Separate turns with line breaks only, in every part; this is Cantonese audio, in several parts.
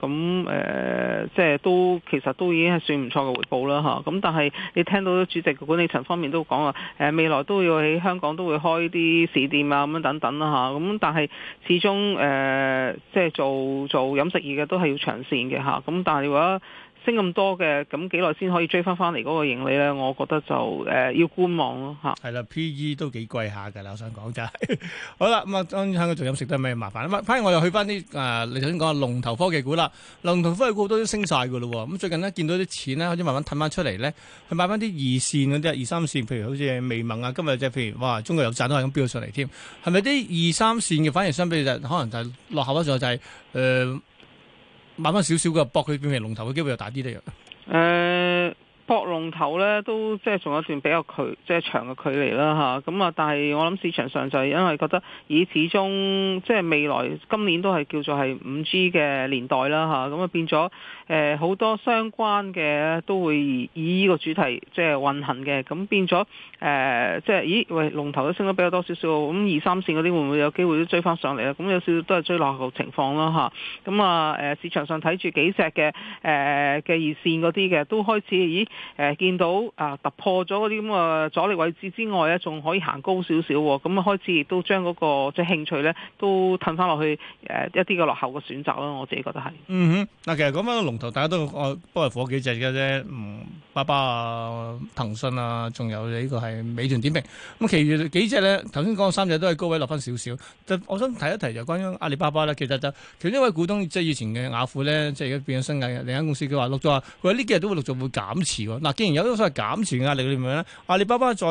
咁誒，即係都其實都已經係算唔錯嘅回報啦，嚇，咁但係你聽到主席嘅管理層方面都講話，誒未來都要喺香港都會開啲市店啊，咁樣等等啦，嚇，咁但係始終誒，即、呃、係做做飲食業嘅都係要長線嘅，嚇。咁但係話，升咁多嘅，咁幾耐先可以追翻翻嚟嗰個盈利咧？我覺得就誒、呃、要觀望咯吓，係、啊、啦，P E 都幾貴下㗎啦，我想講就係。
好啦，咁、嗯、啊，香港仲有食得咩麻煩啊？反而我又去翻啲誒，你先頭先講啊，龍頭科技股啦，龍頭科技股都升曬㗎咯。咁、嗯、最近呢，見到啲錢呢，開始慢慢褪翻出嚟咧，去買翻啲二線嗰啲二三線，譬如好似微盟啊，今日即係譬如哇，中國有賺都係咁飆上嚟添。係咪啲二三線嘅反而相比就係、可能就落後一咗、就係？就係誒。慢翻少少嘅，搏佢變成龍頭嘅機會又大啲啲嘅。
呃搏龍頭咧，都即係仲有一段比較距，即係長嘅距離啦嚇。咁啊，但係我諗市場上就係因為覺得以始以、呃，咦，始終即係未來今年都係叫做係五 G 嘅年代啦嚇。咁啊變咗誒好多相關嘅都會以呢個主題即係運行嘅。咁變咗誒即係咦喂，龍頭都升得比較多少少，咁二三線嗰啲會唔會有機會都追翻上嚟啊？咁有少少都係追落後情況啦吓，咁啊誒市場上睇住幾隻嘅誒嘅二線嗰啲嘅都開始咦～誒、啊、見到啊突破咗嗰啲咁啊阻力位置之外咧，仲可以行高少少，咁啊開始亦都將嗰個即係興趣咧都褪翻落去誒、啊、一啲嘅落後嘅選擇咯，我自己覺得係。
嗯哼，嗱、啊、其實講翻個龍頭，大家都愛、啊、幫火幾隻嘅啫，嗯，阿里巴巴啊、騰訊啊，仲有呢個係美團點評。咁、啊、其餘幾隻咧，頭先講三隻都係高位落翻少少。就我想提一提就關於阿里巴巴咧，其實就其實呢位股東即係以前嘅雅虎咧，即係而家變咗新嘅另一間公司說，佢話落咗話，佢喺呢幾日都會陸續會減持。嗱，既然有呢個所謂減存壓力，你明唔明咧？阿里巴巴再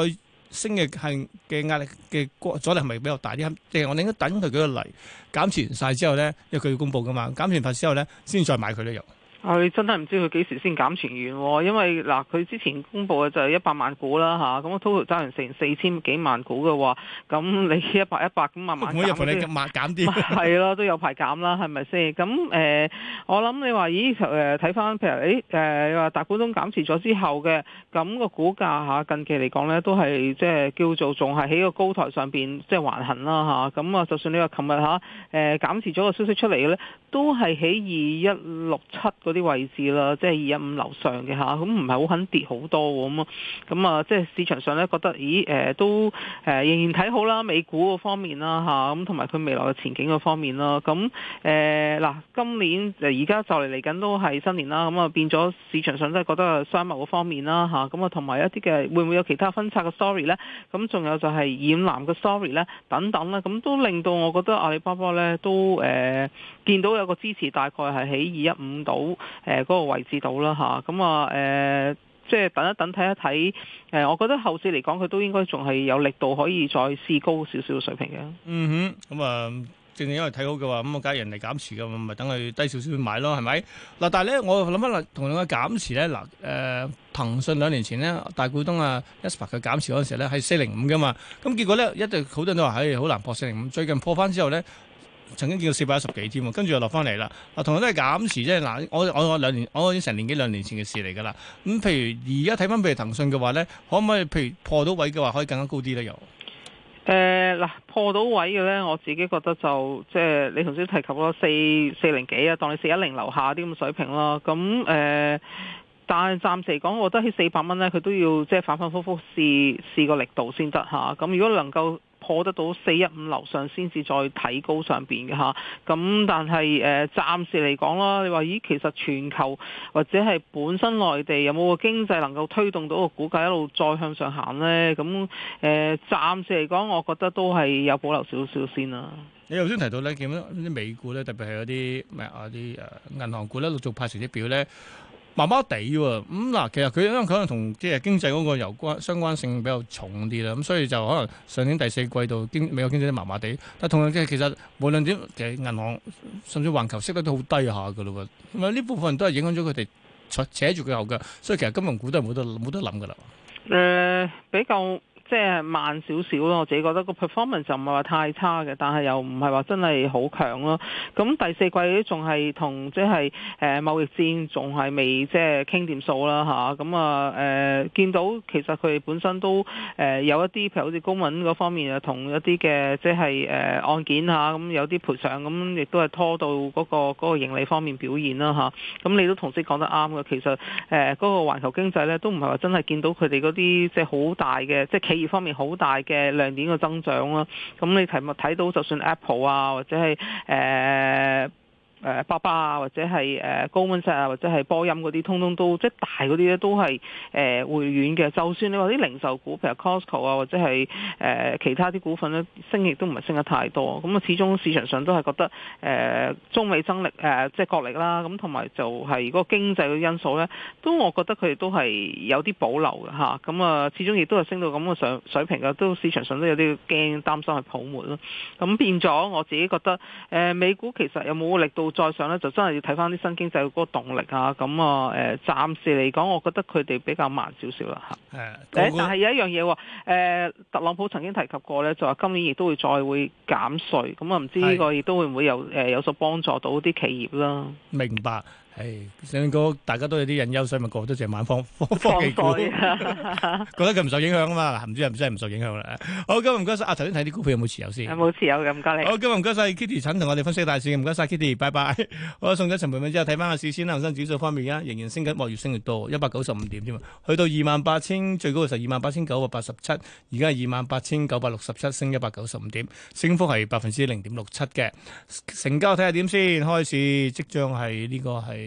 升嘅係嘅壓力嘅阻力係咪比較大啲？即係我哋應該等佢幾個嚟減存晒之後咧，因為佢要公布噶嘛，減存曬之後咧，先再買佢都有。
佢、啊、真係唔知佢幾時先減全完，哦，因為嗱佢、啊、之前公布嘅就係一百萬股啦吓，咁我 total 揸完成四千幾萬股嘅話，咁你一百一百咁慢慢唔會入盤，你慢減啲係咯，都有排減啦，係咪先？咁、啊、誒，我諗你話咦誒，睇翻譬如誒話、啊、大股東減持咗之後嘅咁，個股價近期嚟講咧都係即係叫做仲係喺個高台上邊即係橫行啦吓，咁啊，就算你話琴日吓誒減持咗個消息出嚟嘅咧，都係喺二一六七啲位置啦，即係二一五樓上嘅嚇，咁唔係好肯跌好多咁咁啊，啊，即係市場上咧覺得，咦、啊、都、啊、仍然睇好啦，美股個方面啦嚇，咁同埋佢未來嘅前景個方面啦。咁、啊、嗱、啊，今年誒而家就嚟嚟緊都係新年啦，咁啊變咗市場上係覺得商貿個方面啦嚇，咁啊同埋、啊、一啲嘅會唔會有其他分拆嘅 story 咧？咁、啊、仲有就係染藍嘅 story 咧等等啦，咁、啊、都令到我覺得阿里巴巴咧都、啊、見到有個支持，大概係喺二一五度。誒、呃、嗰、那個位置到啦吓，咁啊、呃、即係等一等睇一睇、呃，我覺得後市嚟講，佢都應該仲係有力度可以再試高少少嘅水平嘅。嗯
哼，咁、嗯、啊，正正因為睇好嘅話，咁我假如人哋減持咁咪等佢低少少去買咯，係咪？嗱、啊，但係咧，我諗一諗，同樣嘅減持咧，嗱、呃，誒，騰訊兩年前咧大股東啊，ESPA 嘅減持嗰陣時咧係四零五㗎嘛，咁、嗯、結果咧，一定好多都話係好難破四零五，最近破翻之後咧。曾經叫到四百一十幾添喎，跟住又落翻嚟啦。啊，同樣都係減持啫。嗱，我我我兩年，我已經成年幾兩年前嘅事嚟噶啦。咁譬如而家睇翻譬如騰訊嘅話咧，可唔可以譬如破到位嘅話，可以更加高啲咧？又
誒嗱，破到位嘅咧，我自己覺得就即係你頭先提及咗四四零幾啊，當你四一零樓下啲咁嘅水平咯。咁誒、呃，但係暫時嚟講，我覺得喺四百蚊咧，佢都要即係反反覆覆試試個力度先得嚇。咁如果能夠破得到四一五樓上，先至再提高上邊嘅嚇。咁但係誒、呃，暫時嚟講啦，你話咦，其實全球或者係本身內地有冇個經濟能夠推動到個股價一路再向上行呢？咁誒、呃，暫時嚟講，我覺得都係有保留少少先啦、
啊。你頭先提到呢見到啲美股呢，特別係嗰啲咩啊啲誒銀行股呢，陸續派成績表呢。麻麻地喎，咁嗱，其實佢因為佢可能同即係經濟嗰個有關相關性比較重啲啦，咁所以就可能上年第四季度經美國經濟都麻麻地，但係同樣嘅其實無論點嘅銀行甚至環球息率都好低下嘅咯喎，咁呢部分都係影響咗佢哋扯住佢後腳，所以其實金融股都係冇得冇得諗嘅啦。誒、
呃，比較。即、就、係、是、慢少少咯，我自己覺得個 performance 就唔係話太差嘅，但係又唔係話真係好強咯。咁第四季啲仲係同即係誒貿易戰仲係未即係傾掂數啦吓，咁啊誒、啊啊、見到其實佢哋本身都誒有一啲譬如好似公文嗰方面、就是、啊，同一啲嘅即係誒案件吓，咁、啊、有啲賠償，咁、啊、亦都係拖到嗰、那個那個盈利方面表現啦吓，咁、啊、你都同時講得啱嘅，其實誒嗰、啊那個環球經濟咧都唔係話真係見到佢哋嗰啲即係好大嘅即係企。就是二方面好大嘅亮點嘅增長咯，咁你題目睇到就算 Apple 啊，或者係誒。呃誒巴巴啊，或者係誒高雲實啊，或者係波音嗰啲，通通都即係大嗰啲咧，都係誒會軟嘅。就算你話啲零售股，譬如 Costco 啊，或者係誒、呃、其他啲股份咧，升亦都唔係升得太多。咁啊，始終市場上都係覺得誒、呃、中美爭力誒、呃、即係角力啦。咁同埋就係嗰個經濟嘅因素咧，都我覺得佢哋都係有啲保留嘅。咁啊，始終亦都係升到咁嘅上水平嘅，都市場上都有啲驚，擔心係泡沫咯。咁變咗我自己覺得、呃、美股其實有冇力度。再上咧就真係要睇翻啲新經濟嗰個動力啊，咁啊誒，暫時嚟講，我覺得佢哋比較慢少少啦嚇。
誒，但係有
一樣嘢喎，誒，特朗普曾經提及過咧，就話今年亦都會再會減稅，咁啊，唔知呢個亦都會唔會有誒有所幫助到啲企業啦。明白。
誒，上哥，大家都有啲隱憂，所以咪個個都借萬方方科技股，覺得佢唔受影響啊嘛！嗱，林主任唔使唔受影響啦。好，今日唔該曬，阿頭先睇啲股票有冇持有先？冇持有嘅，唔該你。好，今日唔該曬，Kitty 陳同我哋分析大市，唔該曬 Kitty，拜拜。好，送咗陳妹妹之後，睇翻個市先啦。恒生指數方面啊，仍然升緊，越升越多，一百九十五點啫嘛，去到二萬八千，最高係二萬八千九百八十七，而家係二萬八千九百六十七，升一百九十五點，升幅係百分之零點六七嘅。成交睇下點先，開始即將係呢個係。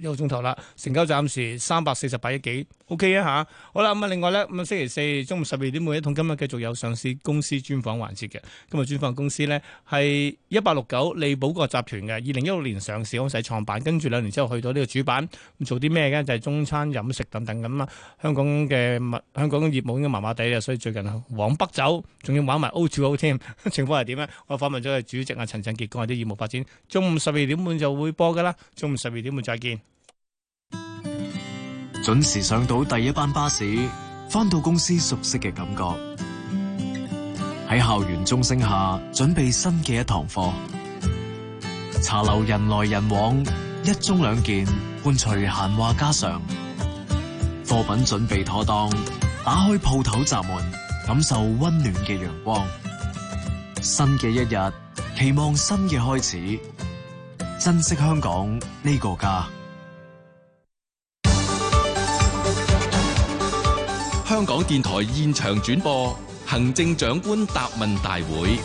一個鐘頭啦，成交暫時三百四十八億幾，OK 啊吓，好啦咁啊，另外咧咁啊，星期四中午十二點半，今日繼續有上市公司專訪環節嘅。今日專訪公司呢係一八六九利寶國集團嘅，二零一六年上市，我使創辦，跟住兩年之後去到呢個主板，做啲咩嘅？就係、是、中餐飲食等等咁啊。香港嘅物，香港嘅業務應該麻麻地啊，所以最近往北走，仲要玩埋 O to O 添。情況係點呢？我訪問咗佢主席啊陳振傑講下啲業務發展。中午十二點半就會播噶啦，中午十二點半再見。
準時上到第一班巴士，返到公司熟悉嘅感覺。喺校園鐘聲下，準備新嘅一堂課。茶樓人來人往，一盅兩件，伴隨閒話家常。貨品準備妥當，打開鋪頭閘門，感受溫暖嘅陽光。新嘅一日，期望新嘅開始，珍惜香港呢個家。
香港電台現場轉播行政長官答問大會。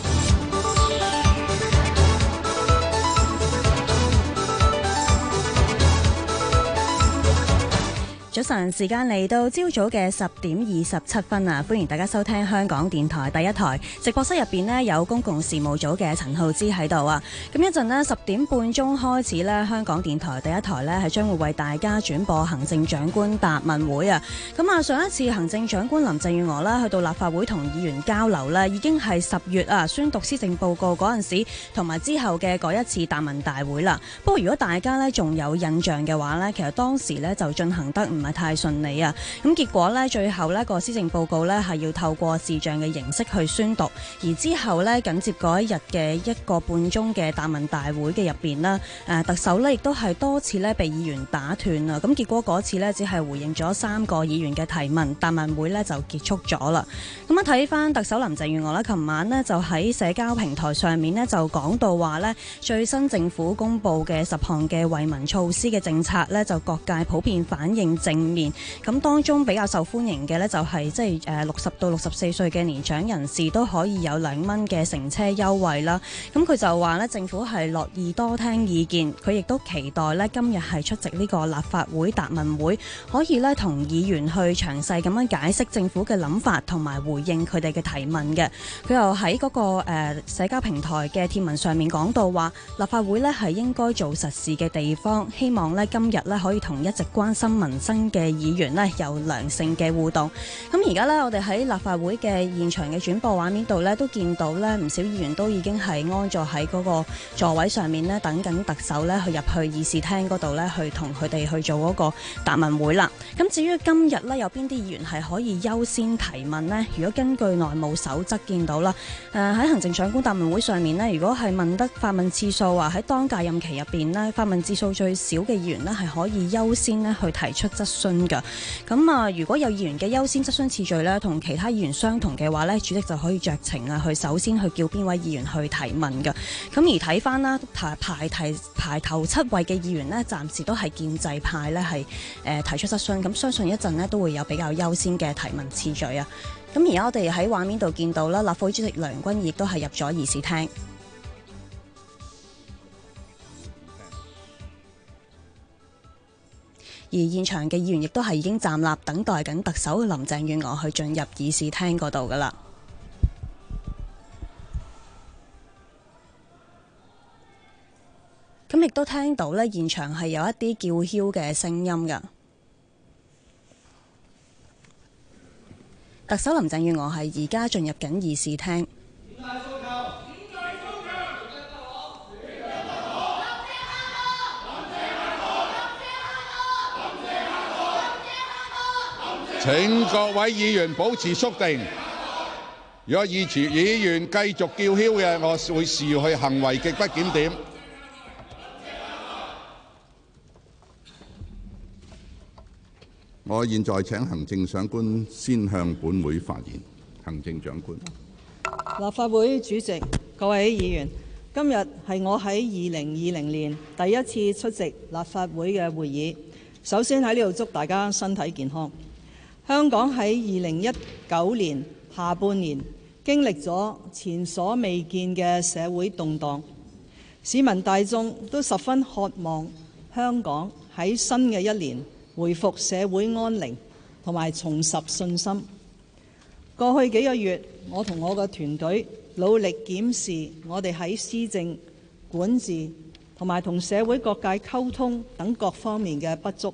早晨，時間嚟到朝早嘅十點二十七分啊！歡迎大家收聽香港電台第一台直播室入面呢，有公共事務組嘅陳浩之喺度啊！咁一陣呢，十點半鐘開始呢，香港電台第一台呢，係將會為大家轉播行政長官答問會啊！咁啊，上一次行政長官林鄭月娥啦，去到立法會同議員交流啦，已經係十月啊，宣讀施政報告嗰陣時，同埋之後嘅嗰一次答問大會啦。不過如果大家呢，仲有印象嘅話呢，其實當時呢，就進行得唔～太順利啊！咁結果咧，最後咧個施政報告咧係要透過視像嘅形式去宣讀，而之後咧緊接嗰一日嘅一個半鐘嘅答問大會嘅入邊咧，誒，特首咧亦都係多次咧被議員打斷啊！咁結果嗰次咧只係回應咗三個議員嘅提問，答問會咧就結束咗啦。咁啊，睇翻特首林鄭月娥咧，琴晚咧就喺社交平台上面咧就講到話咧，最新政府公布嘅十項嘅惠民措施嘅政策咧，就各界普遍反映正。咁當中比較受歡迎嘅呢，就係即係誒六十到六十四歲嘅年長人士都可以有兩蚊嘅乘車優惠啦。咁佢就話呢，政府係樂意多聽意見，佢亦都期待呢今日係出席呢個立法會答問會，可以呢同議員去詳細咁樣解釋政府嘅諗法同埋回應佢哋嘅提問嘅。佢又喺嗰個誒社交平台嘅貼文上面講到話，立法會呢係應該做實事嘅地方，希望呢今日呢可以同一直關心民生。嘅議員呢有良性嘅互動，咁而家呢，我哋喺立法會嘅現場嘅轉播畫面度呢，都見到呢唔少議員都已經係安坐喺嗰個座位上面呢等緊特首呢去入去議事廳嗰度呢去同佢哋去做嗰個答問會啦。咁至於今日呢有邊啲議員係可以優先提問呢？如果根據內務守則見到啦，誒、呃、喺行政長官答問會上面呢，如果係問得發問次數啊喺當屆任期入邊呢發問次數最少嘅議員呢，係可以優先呢去提出質。信噶，咁啊，如果有議員嘅優先質詢次序咧，同其他議員相同嘅話咧，主席就可以酌情啊，去首先去叫邊位議員去提問㗎。咁而睇翻啦，排排提排頭七位嘅議員呢，暫時都係建制派咧，係誒提出質詢。咁相信一陣呢，都會有比較優先嘅提問次序啊。咁而家我哋喺畫面度見到啦，立法會主席梁君彥都係入咗議事廳。而現場嘅議員亦都係已經站立等待緊特首林鄭月娥去進入議事廳嗰度㗎喇。咁亦都聽到呢，現場係有一啲叫囂嘅聲音㗎。特首林鄭月娥係而家進入緊議事廳。
請各位議員保持肅靜。如果議處議員繼續叫囂嘅，我會視佢行為極不檢點。我現在請行政長官先向本會發言。行政長官，
立法會主席，各位議員，今日係我喺二零二零年第一次出席立法會嘅會議。首先喺呢度祝大家身體健康。香港喺二零一九年下半年經歷咗前所未見嘅社會動盪，市民大眾都十分渴望香港喺新嘅一年回復社會安寧同埋重拾信心。過去幾個月，我同我個團隊努力檢視我哋喺施政、管治同埋同社會各界溝通等各方面嘅不足，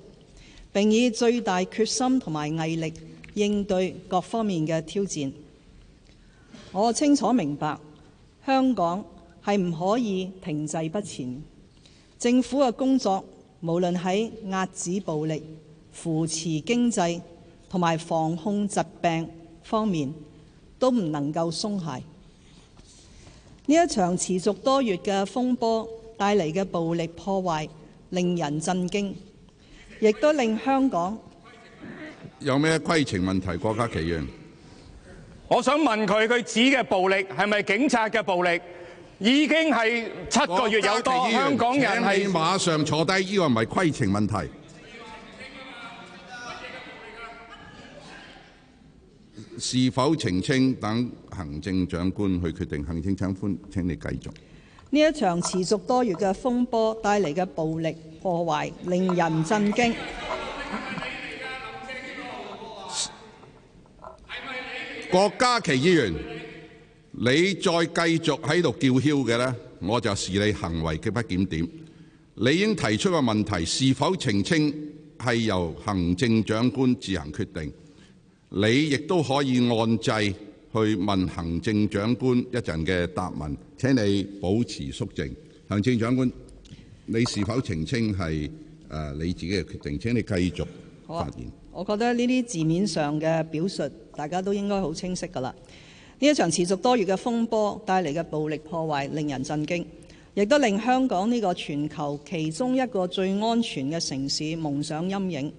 並以最大決心同埋毅力應對各方面嘅挑戰。我清楚明白，香港係唔可以停滯不前。政府嘅工作，無論喺壓制暴力、扶持經濟同埋防控疾病方面，都唔能夠鬆懈。呢一場持續多月嘅風波帶嚟嘅暴力破壞，令人震驚。亦都令香港
有咩規程問題？郭家麒議員，
我
想問佢，佢指
嘅暴力係咪警察嘅暴力？已經係七個月有多，香港人係馬
上坐低，呢個唔係規程問題。是否澄清等行政長官去決定？行政長官，請你繼續。
呢一場持續多月嘅風波帶嚟嘅暴力。破壞令人震驚。
郭家麒議員，你再繼續喺度叫囂嘅呢？我就視你行為嘅不檢點。你應提出嘅問題是否澄清係由行政長官自行決定？你亦都可以按掣去問行政長官一陣嘅答問。請你保持肅靜，行政長官。你是否澄清係、呃、你自己嘅決定？請你繼續發言。啊、
我覺得呢啲字面上嘅表述，大家都應該好清晰㗎啦。呢一場持續多月嘅風波帶嚟嘅暴力破壞令人震驚，亦都令香港呢個全球其中一個最安全嘅城市蒙上陰影。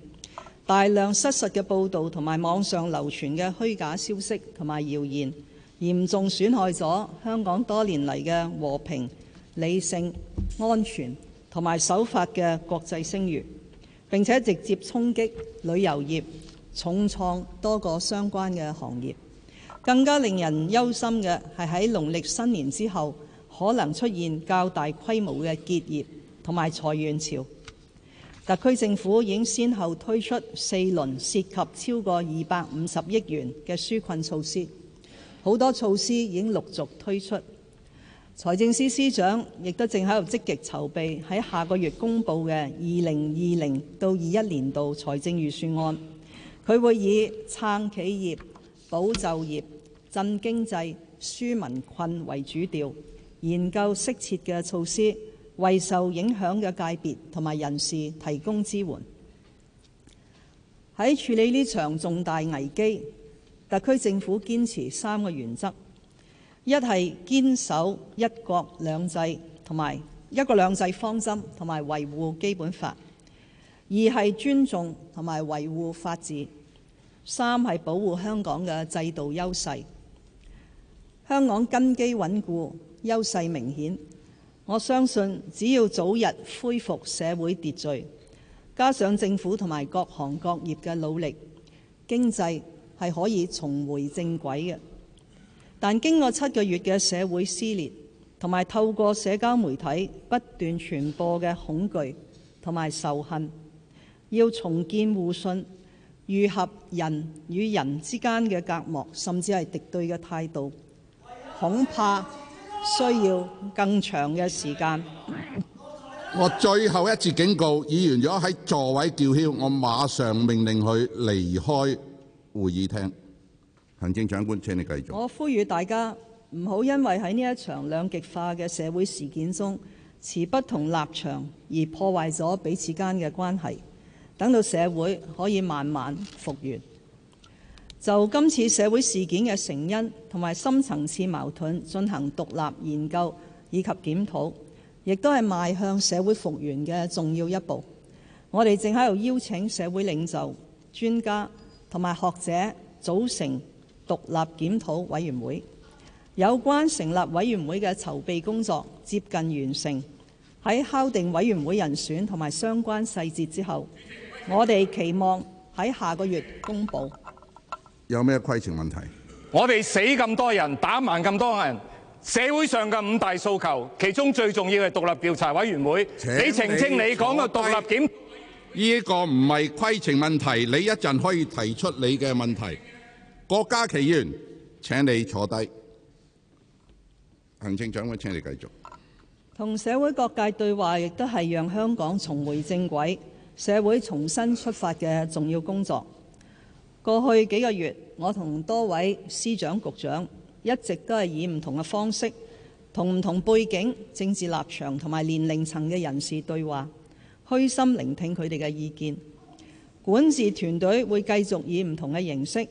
大量失實嘅報導同埋網上流傳嘅虛假消息同埋謠言，嚴重損害咗香港多年嚟嘅和平、理性、安全。同埋首發嘅國際聲譽，並且直接衝擊旅遊業，重創多個相關嘅行業。更加令人憂心嘅係喺農曆新年之後，可能出現較大規模嘅結業同埋裁員潮。特區政府已經先後推出四輪涉及超過二百五十億元嘅紓困措施，好多措施已經陸續推出。財政司司長亦都正喺度積極籌備喺下個月公布嘅二零二零到二一年度財政預算案，佢會以撐企業、保就業、振經濟、舒民困為主調，研究適切嘅措施，為受影響嘅界別同埋人士提供支援。喺處理呢場重大危機，特區政府堅持三個原則。一係堅守一國兩制同埋一國兩制方針同埋維護基本法；二係尊重同埋維護法治；三係保護香港嘅制度優勢。香港根基穩固，優勢明顯。我相信只要早日恢復社會秩序，加上政府同埋各行各業嘅努力，經濟係可以重回正軌嘅。但經過七個月嘅社會撕裂，同埋透過社交媒體不斷傳播嘅恐懼同埋仇恨，要重建互信、愈合人與人之間嘅隔膜，甚至係敵對嘅態度，恐怕需要更長嘅時間。
我最後一次警告，議員如果喺座位叫囂，我馬上命令佢離開會議廳。行政長官，請你繼續。
我呼籲大家唔好因為喺呢一場兩極化嘅社會事件中持不同立場而破壞咗彼此間嘅關係，等到社會可以慢慢復原。就今次社會事件嘅成因同埋深層次矛盾進行獨立研究以及檢討，亦都係邁向社會復原嘅重要一步。我哋正喺度邀請社會領袖、專家同埋學者組成。獨立檢討委員會，有關成立委員會嘅籌備工作接近完成，喺敲定委員會人選同埋相關細節之後，我哋期望喺下個月公布。
有咩規程問題？
我哋死咁多人，打盲咁多人，社會上嘅五大訴求，其中最重要嘅獨立調查委員會。你澄清你講嘅獨立
檢，呢個唔係規程問題。你一陣可以提出你嘅問題。郭家麒議員，請你坐低。行政長官，請你繼續。
同社會各界對話，亦都係讓香港重回正軌、社會重新出發嘅重要工作。過去幾個月，我同多位司長、局長一直都係以唔同嘅方式，同唔同背景、政治立場同埋年齡層嘅人士對話，虛心聆聽佢哋嘅意見。管治團隊會繼續以唔同嘅形式，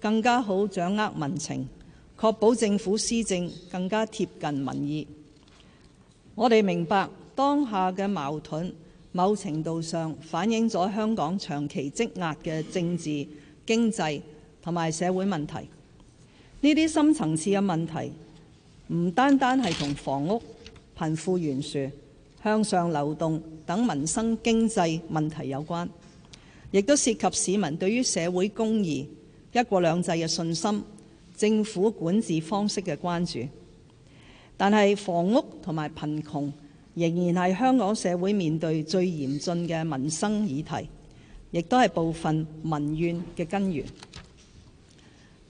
更加好掌握民情，確保政府施政更加貼近民意。我哋明白當下嘅矛盾，某程度上反映咗香港長期積壓嘅政治、經濟同埋社會問題。呢啲深層次嘅問題，唔單單係同房屋、貧富懸殊、向上流動等民生經濟問題有關，亦都涉及市民對於社會公義。一國兩制嘅信心、政府管治方式嘅關注，但係房屋同埋貧窮仍然係香港社會面對最嚴峻嘅民生議題，亦都係部分民怨嘅根源。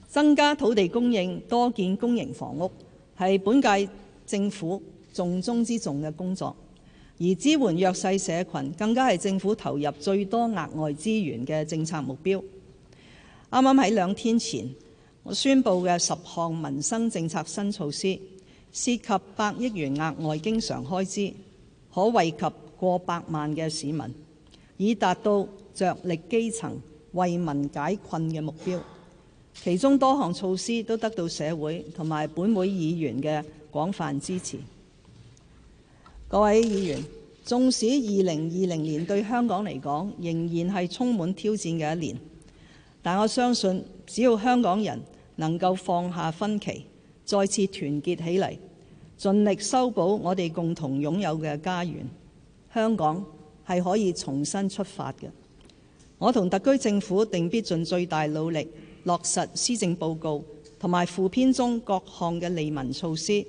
增加土地供應、多建公營房屋係本屆政府重中之重嘅工作，而支援弱勢社群更加係政府投入最多額外資源嘅政策目標。啱啱喺兩天前，我宣布嘅十項民生政策新措施，涉及百億元額外經常開支，可惠及過百萬嘅市民，以達到着力基層、為民解困嘅目標。其中多項措施都得到社會同埋本會議員嘅廣泛支持。各位議員，縱使二零二零年對香港嚟講，仍然係充滿挑戰嘅一年。但我相信，只要香港人能夠放下分歧，再次團結起嚟，盡力修補我哋共同擁有嘅家園，香港係可以重新出發嘅。我同特區政府定必盡最大努力落實施政報告同埋附篇中各項嘅利民措施，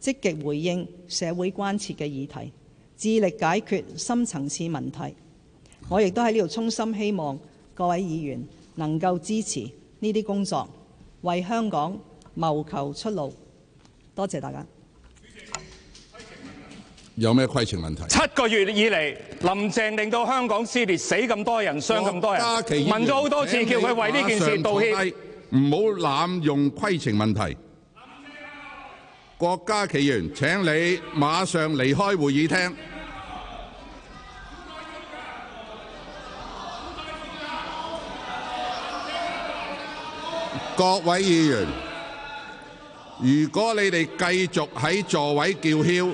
積極回應社會關切嘅議題，致力解決深層次問題。我亦都喺呢度衷心希望各位議員。能夠支持呢啲工作，為香港謀求出路。多謝大家。
有咩規程問題？七
個月以嚟，林鄭令到香港撕裂，死咁多人，傷咁多人。問咗好多次，叫佢為呢件事道
歉。唔好濫用規程問題。郭家麒議員，請你馬上離開會議廳。各位議員，如果你哋繼續喺座位叫囂，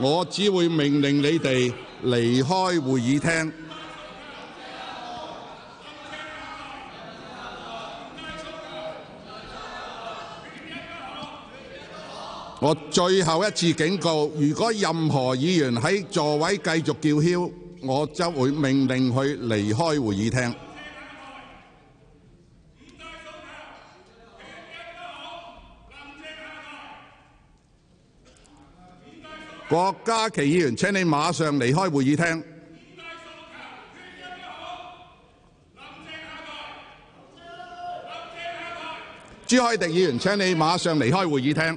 我只會命令你哋離開會議廳。我最後一次警告，如果任何議員喺座位繼續叫囂，我就會命令佢離開會議廳。郭家麒議員，請你馬上離開會議廳。一一朱凱廸議員，請你馬上離開會議廳。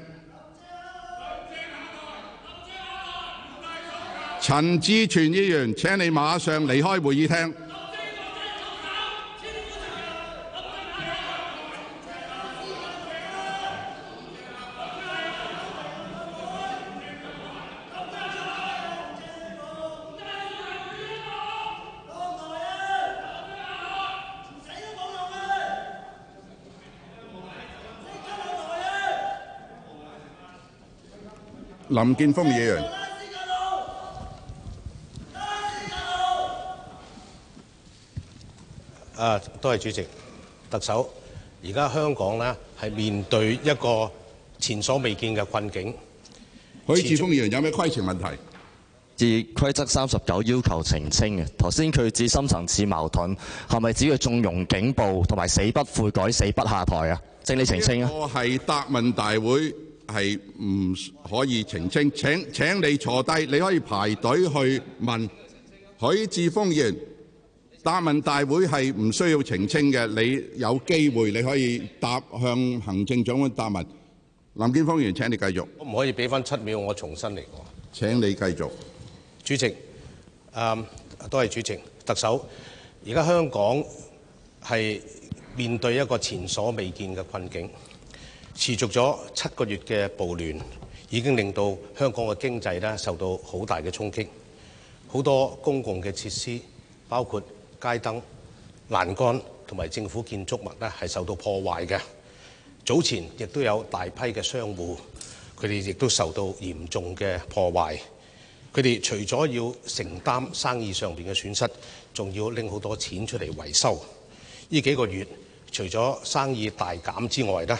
陳志全議員，請你馬上離開會議廳。林健鋒議員，
啊，多謝主席、特首。而家香港呢，係面對一個前所未見嘅困境。許智鋒議員，有咩規程問題？依規則三十九要求澄清
嘅。頭先佢指深層次矛盾，係咪指佢縱容警暴同埋死不悔改、
死不下台啊？請你澄清啊！呢個係答問大會。係唔可以澄清。請請你坐低，你可以排隊去問許智峰議員。答問大會係唔需要澄清嘅。你有機會你可以答向行政長官答問。林健鋒議員請你繼續。
我唔可以俾翻七秒，我重新嚟過。
請你繼續。主席，嗯，都
係主席、特首。而家香港係面對一個前所未見嘅困境。持續咗七個月嘅暴亂，已經令到香港嘅經濟咧受到好大嘅衝擊。好多公共嘅設施，包括街燈、欄杆同埋政府建築物咧，係受到破壞嘅。早前亦都有大批嘅商戶，佢哋亦都受到嚴重嘅破壞。佢哋除咗要承擔生意上面嘅損失，仲要拎好多錢出嚟維修。呢幾個月，除咗生意大減之外咧，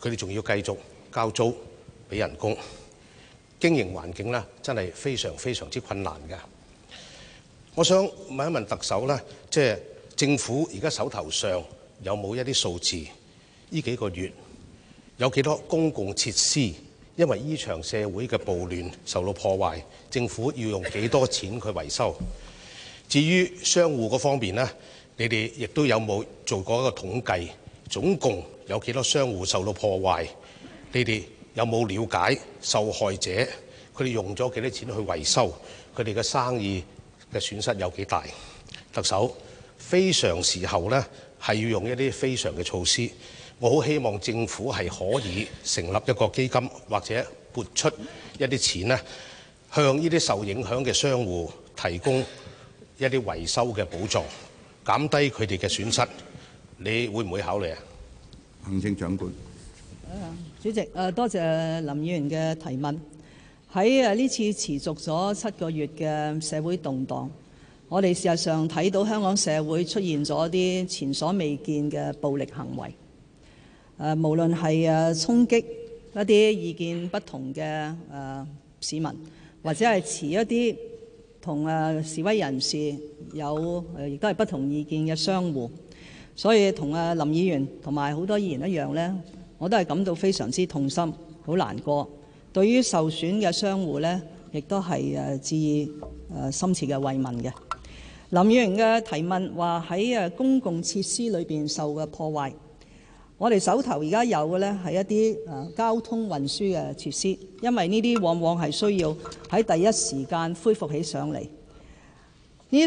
佢哋仲要繼續交租、俾人工，經營環境咧真係非常非常之困難嘅。我想問一問特首咧，即係政府而家手頭上有冇一啲數字？呢幾個月有幾多公共設施？因為呢場社會嘅暴亂受到破壞，政府要用幾多錢去維修？至於商戶嗰方面呢，你哋亦都有冇做過一個統計，總共？有幾多商戶受到破壞？你哋有冇了解受害者？佢哋用咗幾多錢去維修？佢哋嘅生意嘅損失有幾大？特首，非常時候咧，係要用一啲非常嘅措施。我好希望政府係可以成立一個基金，或者撥出一啲錢咧，向呢啲受影響嘅商戶提供一啲維修嘅補助，減低佢哋嘅損失。你會唔會考慮啊？
行政長官，
主席，誒多謝林議員嘅提問。喺誒呢次持續咗七個月嘅社會動盪，我哋事實上睇到香港社會出現咗啲前所未見嘅暴力行為。誒，無論係誒衝擊一啲意見不同嘅誒市民，或者係持一啲同誒示威人士有誒亦都係不同意見嘅商戶。所以同啊林議員，同埋好多議員一樣呢，我都係感到非常之痛心，好難過。對於受損嘅商戶呢，亦都係誒致意誒深切嘅慰問嘅。林議員嘅提問話喺誒公共設施裏邊受嘅破壞，我哋手頭而家有嘅呢，係一啲誒交通運輸嘅設施，因為呢啲往往係需要喺第一時間恢復起上嚟。呢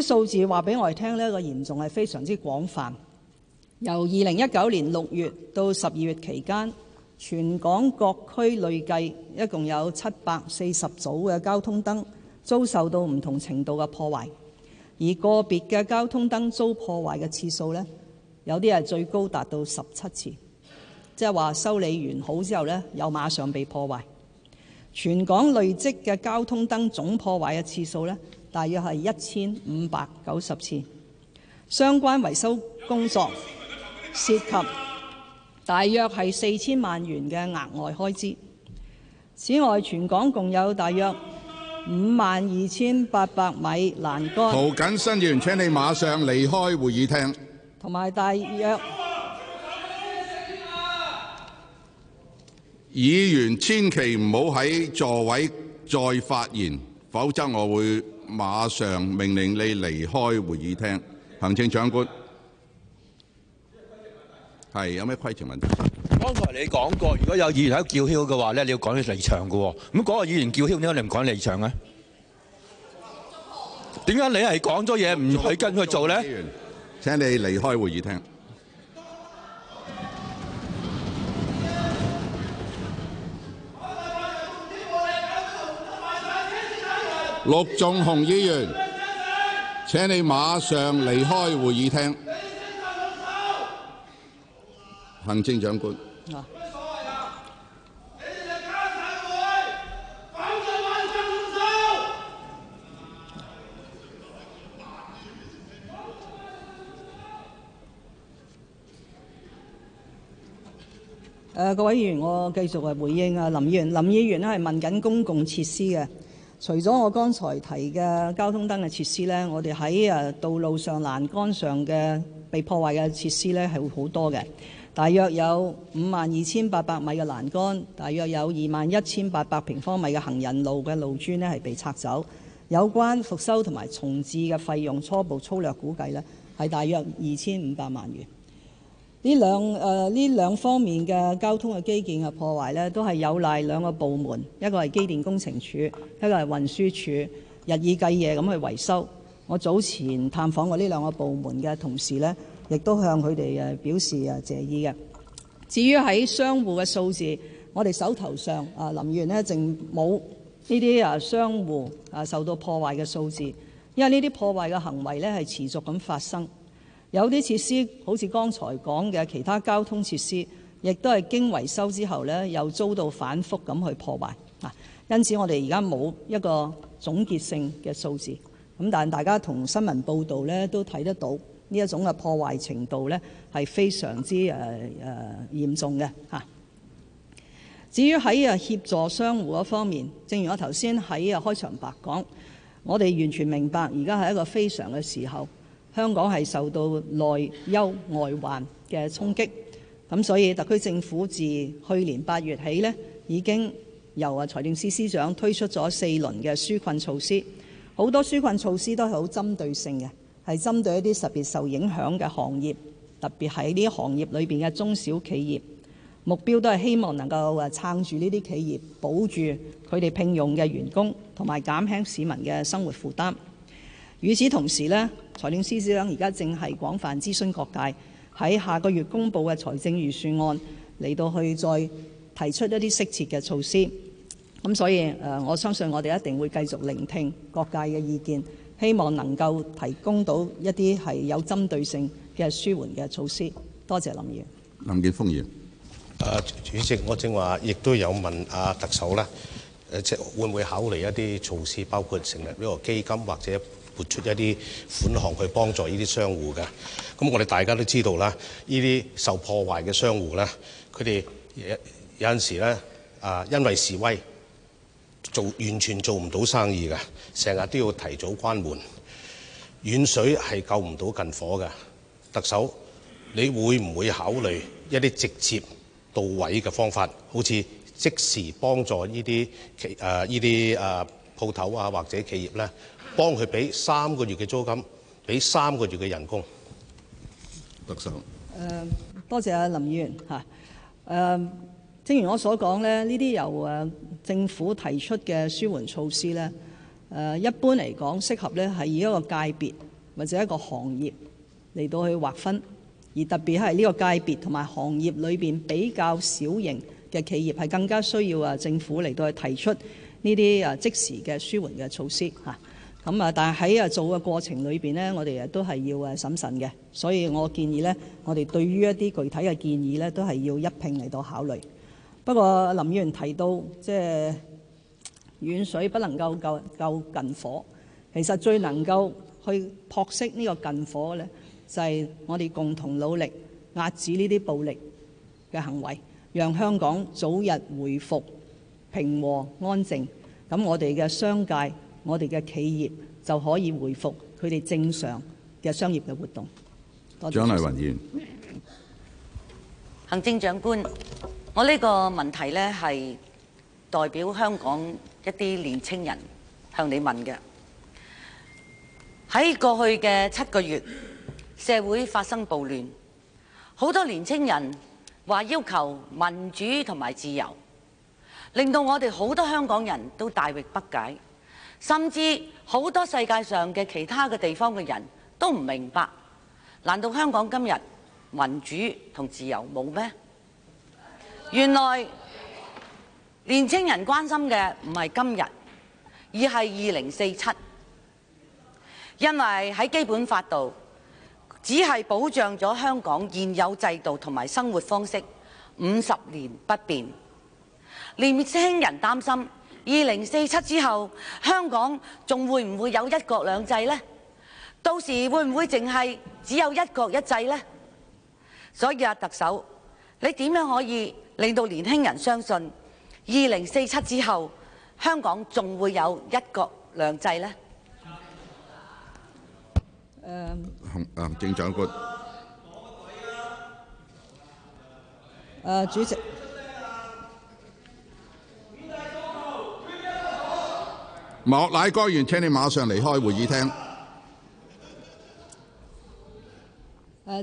啲數字話俾我哋聽呢，個嚴重係非常之廣泛。由二零一九年六月到十二月期間，全港各區累計一共有七百四十組嘅交通燈遭受到唔同程度嘅破壞，而個別嘅交通燈遭破壞嘅次數呢，有啲係最高達到十七次，即係話修理完好之後呢，又馬上被破壞。全港累積嘅交通燈總破壞嘅次數呢，大約係一千五百九十次。相關維修工作，涉及大約係四千萬元嘅額外開支。此外，全港共有大約五萬二千八百米欄杆。胡錦
新議員，請你馬上離開會議廳。
同埋大約
議員，千祈唔好喺座位再發言，否則我會馬上命令你離開會議廳。行政長官。係有咩規程問
題？剛才你講過，如果有議員喺度叫囂嘅話咧，你要講佢離場嘅喎。咁嗰個議員叫囂點解你唔講離場咧？點解你係講咗嘢
唔去跟佢做咧？議員，請你離開會議廳。陸仲雄議員，請你馬上離開會議廳。行政長官冇乜所謂啦！你哋嚟加曬佢，反正揾翻
唔收。誒，各位議員，我繼續係回應啊。林議員，林議員呢係問緊公共設施嘅。除咗我剛才提嘅交通燈嘅設施呢，我哋喺誒道路上欄杆上嘅被破壞嘅設施呢，係會好多嘅。大約有五萬二千八百米嘅欄杆，大約有二萬一千八百平方米嘅行人路嘅路磚呢係被拆走。有關復修同埋重置嘅費用，初步粗略估計呢係大約二千五百萬元。呢兩誒呢、呃、兩方面嘅交通嘅基建嘅破壞呢都係有賴兩個部門，一個係機電工程署，一個係運輸署，日以繼夜咁去維修。我早前探訪過呢兩個部門嘅同事呢。亦都向佢哋誒表示啊謝意嘅。至於喺商戶嘅數字，我哋手頭上啊，林員咧，淨冇呢啲啊商戶啊受到破壞嘅數字，因為呢啲破壞嘅行為咧係持續咁發生，有啲設施好似剛才講嘅其他交通設施，亦都係經維修之後咧，又遭到反復咁去破壞啊。因此，我哋而家冇一個總結性嘅數字。咁但係大家同新聞報道咧都睇得到。呢一種嘅破壞程度呢，係非常之誒誒嚴重嘅嚇。至於喺啊協助商戶嗰方面，正如我頭先喺啊開場白講，我哋完全明白而家係一個非常嘅時候，香港係受到內憂外患嘅衝擊。咁所以特區政府自去年八月起呢，已經由啊財政司司長推出咗四輪嘅紓困措施，好多紓困措施都係好針對性嘅。係針對一啲特別受影響嘅行業，特別喺呢啲行業裏邊嘅中小企業，目標都係希望能夠誒撐住呢啲企業，保住佢哋聘用嘅員工，同埋減輕市民嘅生活負擔。與此同時呢，財政司司長而家正係廣泛諮詢各界，喺下個月公布嘅財政預算案嚟到去再提出一啲適切嘅措施。咁所以誒，我相信我哋一定會繼續聆聽各界嘅意見。希望能夠提供到一啲係有針對性嘅舒緩嘅措施。多謝林議員。
林
健鋒議員
啊、主席，我正話亦都有問阿、啊、特首咧，即、啊、會唔會考慮一啲措施，包括成立一個基金或者撥出一啲款項去幫助呢啲商戶嘅？咁我哋大家都知道啦，呢啲受破壞嘅商戶咧，佢哋有有陣時咧啊，因為示威。做完全做唔到生意嘅，成日都要提早關門。遠水係救唔到近火嘅。特首，你會唔會考慮一啲直接到位嘅方法？好似即時幫助呢啲企誒呢啲誒鋪頭啊或者企業咧，幫佢俾三個月嘅租金，俾三個月嘅人工？特首
誒，uh, 多謝啊林議員嚇、uh, 正如我所講呢，呢啲由政府提出嘅舒緩措施呢，一般嚟講，適合呢係以一個界別或者一個行業嚟到去劃分，而特別係呢個界別同埋行業裏面比較小型嘅企業係更加需要啊政府嚟到去提出呢啲即時嘅舒緩嘅措施吓咁啊，但係喺啊做嘅過程裏面，呢我哋都係要誒審慎嘅，所以我建議呢我哋對於一啲具體嘅建議呢都係要一併嚟到考慮。不過林議員提到，即係遠水不能夠救救近火。其實最能夠去撲熄呢個近火呢，就係我哋共同努力壓止呢啲暴力嘅行為，讓香港早日恢復平和安靜。咁我哋嘅商界、我哋嘅企業就可以恢復佢哋正常嘅商業嘅活動。
多
謝張麗雲
議員，
行政長官。我呢個問題呢，係代表香港一啲年青人向你問嘅。喺過去嘅七個月，社會發生暴亂，好多年青人話要求民主同埋自由，令到我哋好多香港人都大惑不解，甚至好多世界上嘅其他嘅地方嘅人都唔明白。難道香港今日民主同自由冇咩？原來年青人關心嘅唔係今日，而係二零四七，因為喺基本法度，只係保障咗香港現有制度同埋生活方式五十年不變。年青人擔心二零四七之後，香港仲會唔會有一國兩制呢？到時會唔會淨係只有一國一制呢？所以啊，特首，你點樣可以？令到年輕人相信，二零四七之後，香港仲會有一國兩制呢？誒，啊，
行政長官，
誒，主席，
五代高呼，退一步。莫乃光議員，請你馬上離開會議廳。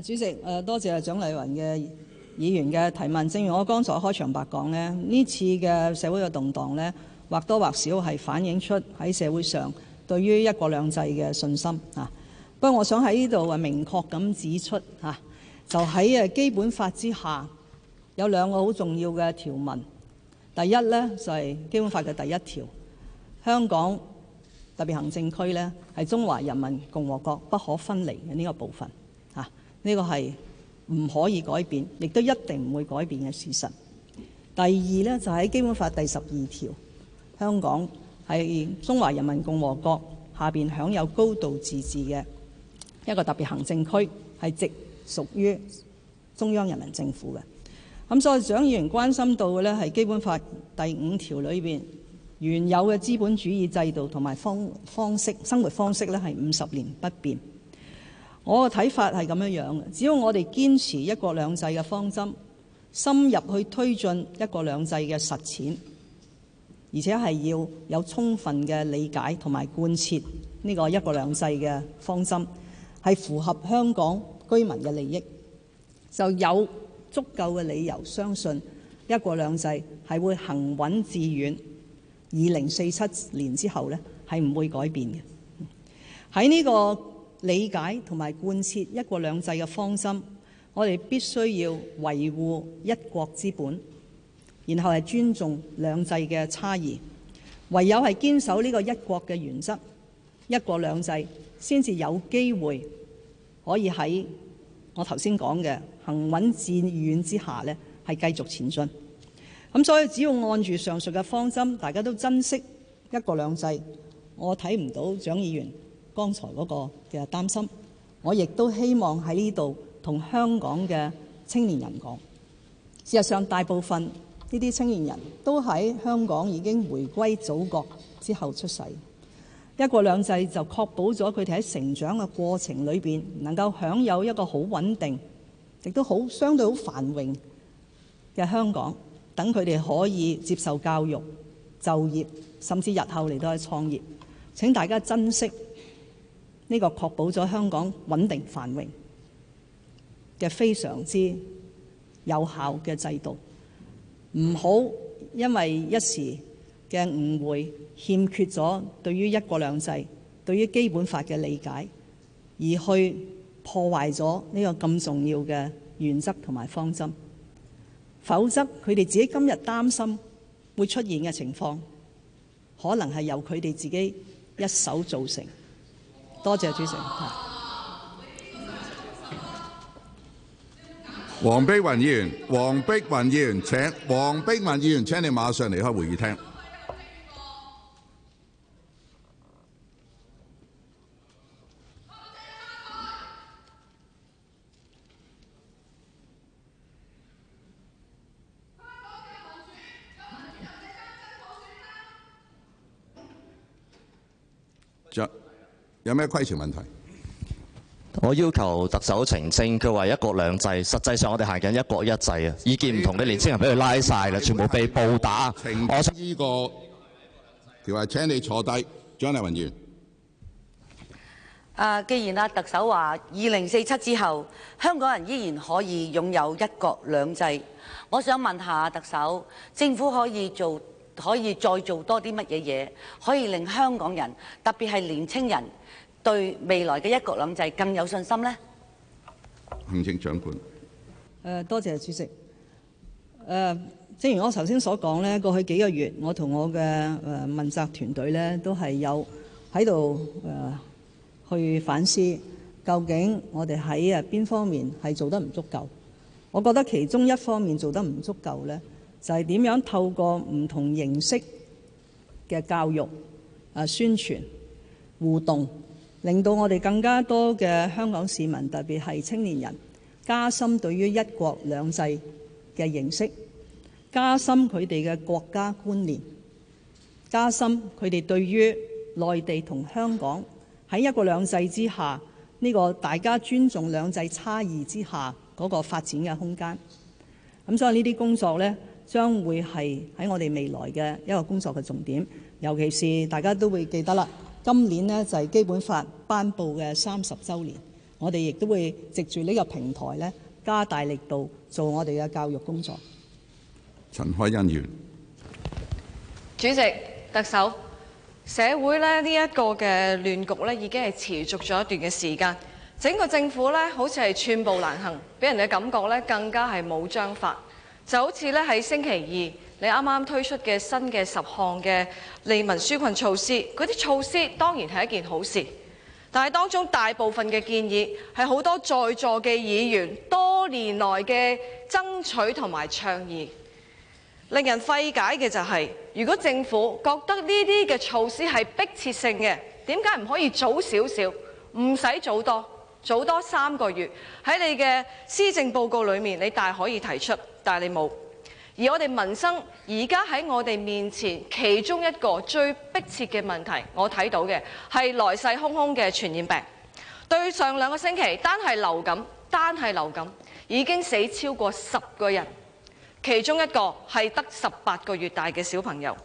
誒，主席，誒，多謝啊，蔣麗芸嘅。議員嘅提問，正如我剛才開場白講呢，呢次嘅社會嘅動盪呢，或多或少係反映出喺社會上對於一國兩制嘅信心啊。不過我想喺呢度啊，明確咁指出嚇，就喺誒基本法之下有兩個好重要嘅條文。第一呢，就係基本法嘅第一條，香港特別行政區呢，係中華人民共和國不可分離嘅呢個部分呢，呢個係。唔可以改變，亦都一定唔會改變嘅事實。第二呢，就喺基本法第十二條，香港係中華人民共和國下邊享有高度自治嘅一個特別行政區，係直屬於中央人民政府嘅。咁所以，蔣議員關心到嘅呢，係基本法第五條裏面原有嘅資本主義制度同埋方方式生活方式呢，係五十年不變。我嘅睇法係咁樣樣嘅，只要我哋堅持一國兩制嘅方針，深入去推進一國兩制嘅實踐，而且係要有充分嘅理解同埋貫徹呢個一國兩制嘅方針，係符合香港居民嘅利益，就有足夠嘅理由相信一國兩制係會行穩致遠，二零四七年之後呢，係唔會改變嘅。喺呢個理解同埋貫徹一國兩制嘅方針，我哋必須要維護一國之本，然後係尊重兩制嘅差異，唯有係堅守呢個一國嘅原則，一國兩制先至有機會可以喺我頭先講嘅行穩致遠之下呢，係繼續前進。咁所以只要按住上述嘅方針，大家都珍惜一國兩制，我睇唔到蔣議員。剛才嗰個嘅擔心，我亦都希望喺呢度同香港嘅青年人講。事實上，大部分呢啲青年人都喺香港已經回歸祖國之後出世。一國兩制就確保咗佢哋喺成長嘅過程裏邊，能夠享有一個好穩定，亦都好相對好繁榮嘅香港，等佢哋可以接受教育、就業，甚至日後嚟到去創業。請大家珍惜。呢個確保咗香港穩定繁榮嘅非常之有效嘅制度，唔好因為一時嘅誤會，欠缺咗對於一國兩制、對於基本法嘅理解，而去破壞咗呢個咁重要嘅原則同埋方針。否則，佢哋自己今日擔心會出現嘅情況，可能係由佢哋自己一手造成。多謝主席。
黃碧雲議員，黃碧雲議員，請，黃碧雲議員請你馬上離開會議廳。有咩規程問題？
我要求特首澄清，佢話一國兩制，實際上我哋行緊一國一制啊！
意見唔同嘅年輕人俾佢拉晒啦，全部被暴打。這個、我呢個條例請你坐低，張、這個、麗文議員、
啊、既然啦、啊，特首話二零四七之後，香港人依然可以擁有一國兩制。我想問下、啊、特首，政府可以做，可以再做多啲乜嘢嘢，可以令香港人，特別係年輕人，對未來嘅一國兩制更有信心呢？
行政長官，
多謝主席。正如我頭先所講咧，過去幾個月，我同我嘅誒問責團隊咧，都係有喺度誒去反思，究竟我哋喺啊邊方面係做得唔足夠？我覺得其中一方面做得唔足夠呢，就係點樣透過唔同形式嘅教育、誒宣傳、互動。令到我哋更加多嘅香港市民，特別係青年人，加深對於一國兩制嘅認識，加深佢哋嘅國家觀念，加深佢哋對於內地同香港喺一國兩制之下呢個大家尊重兩制差異之下嗰個發展嘅空間，咁所以呢啲工作咧，將會，係喺我哋未來嘅一個工作嘅重點，尤其是大家都會記得啦。今年呢，就係基本法頒布嘅三十週年，我哋亦都會藉住呢個平台呢，加大力度做我哋嘅教育工作。
陳凱欣議員，
主席、特首，社會呢呢一個嘅亂局呢已經係持續咗一段嘅時間，整個政府呢，好似係寸步難行，俾人嘅感覺呢更加係冇章法，就好似呢，喺星期二。你啱啱推出嘅新嘅十項嘅利民紓困措施，嗰啲措施當然係一件好事，但係當中大部分嘅建議係好多在座嘅議員多年來嘅爭取同埋倡議。令人費解嘅就係、是，如果政府覺得呢啲嘅措施係迫切性嘅，點解唔可以早少少，唔使早多，早多三個月喺你嘅施政報告裏面，你大可以提出，但係你冇。而我哋民生而家喺我哋面前，其中一個最迫切嘅問題，我睇到嘅係來勢洶洶嘅傳染病。對上兩個星期，單係流感，單係流感已經死超過十個人，其中一個係得十八個月大嘅小朋友。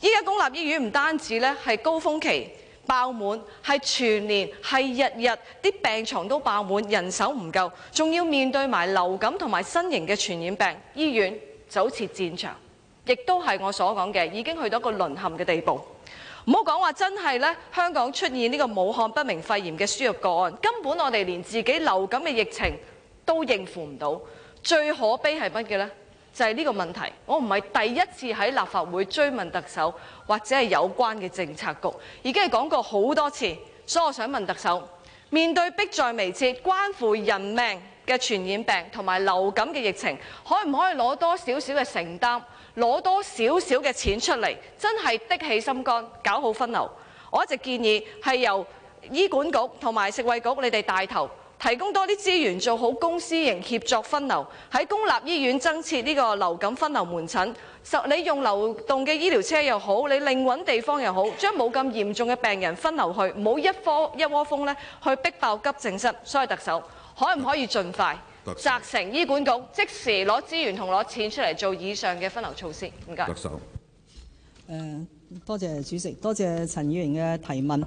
依家公立醫院唔單止咧係高峰期爆滿，係全年係日日啲病床都爆滿，人手唔夠，仲要面對埋流感同埋新型嘅傳染病醫院。首次戰場，亦都係我所講嘅，已經去到一個淪陷嘅地步。唔好講話真係咧，香港出現呢個武漢不明肺炎嘅輸入個案，根本我哋連自己流感嘅疫情都應付唔到。最可悲係乜嘢呢？就係呢個問題。我唔係第一次喺立法會追問特首或者係有關嘅政策局，已經係講過好多次。所以我想問特首，面對迫在眉睫、關乎人命嘅傳染病同埋流感嘅疫情，可唔可以攞多少少嘅承擔，攞多少少嘅錢出嚟，真係的起心肝，搞好分流。我一直建議係由醫管局同埋食衛局你哋帶頭，提供多啲資源做好公私營協作分流，喺公立醫院增設呢個流感分流門診。你用流動嘅醫療車又好，你另揾地方又好，將冇咁嚴重嘅病人分流去，冇一科一窩蜂咧去逼爆急症室。所以特首。可唔可以盡快責成醫管局即時攞資源同攞錢出嚟做以上嘅分流措施？唔該。
多謝主席，多謝陳議員嘅提問。誒、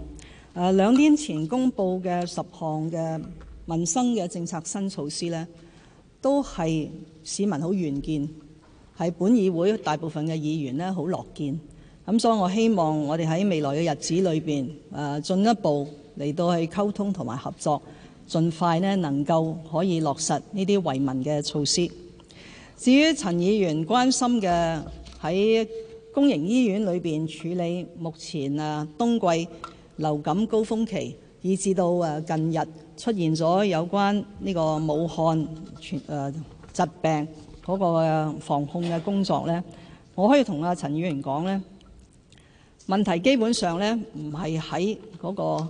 啊、兩年前公布嘅十項嘅民生嘅政策新措施呢，都係市民好願見，係本議會大部分嘅議員呢好樂見。咁所以我希望我哋喺未來嘅日子裏邊誒進一步嚟到去溝通同埋合作。盡快咧，能夠可以落實呢啲惠民嘅措施。至於陳議員關心嘅喺公營醫院裏邊處理目前啊冬季流感高峰期，以至到啊近日出現咗有關呢個武漢傳誒疾病嗰個防控嘅工作，呢我可以同阿陳議員講，呢問題基本上呢唔係喺嗰個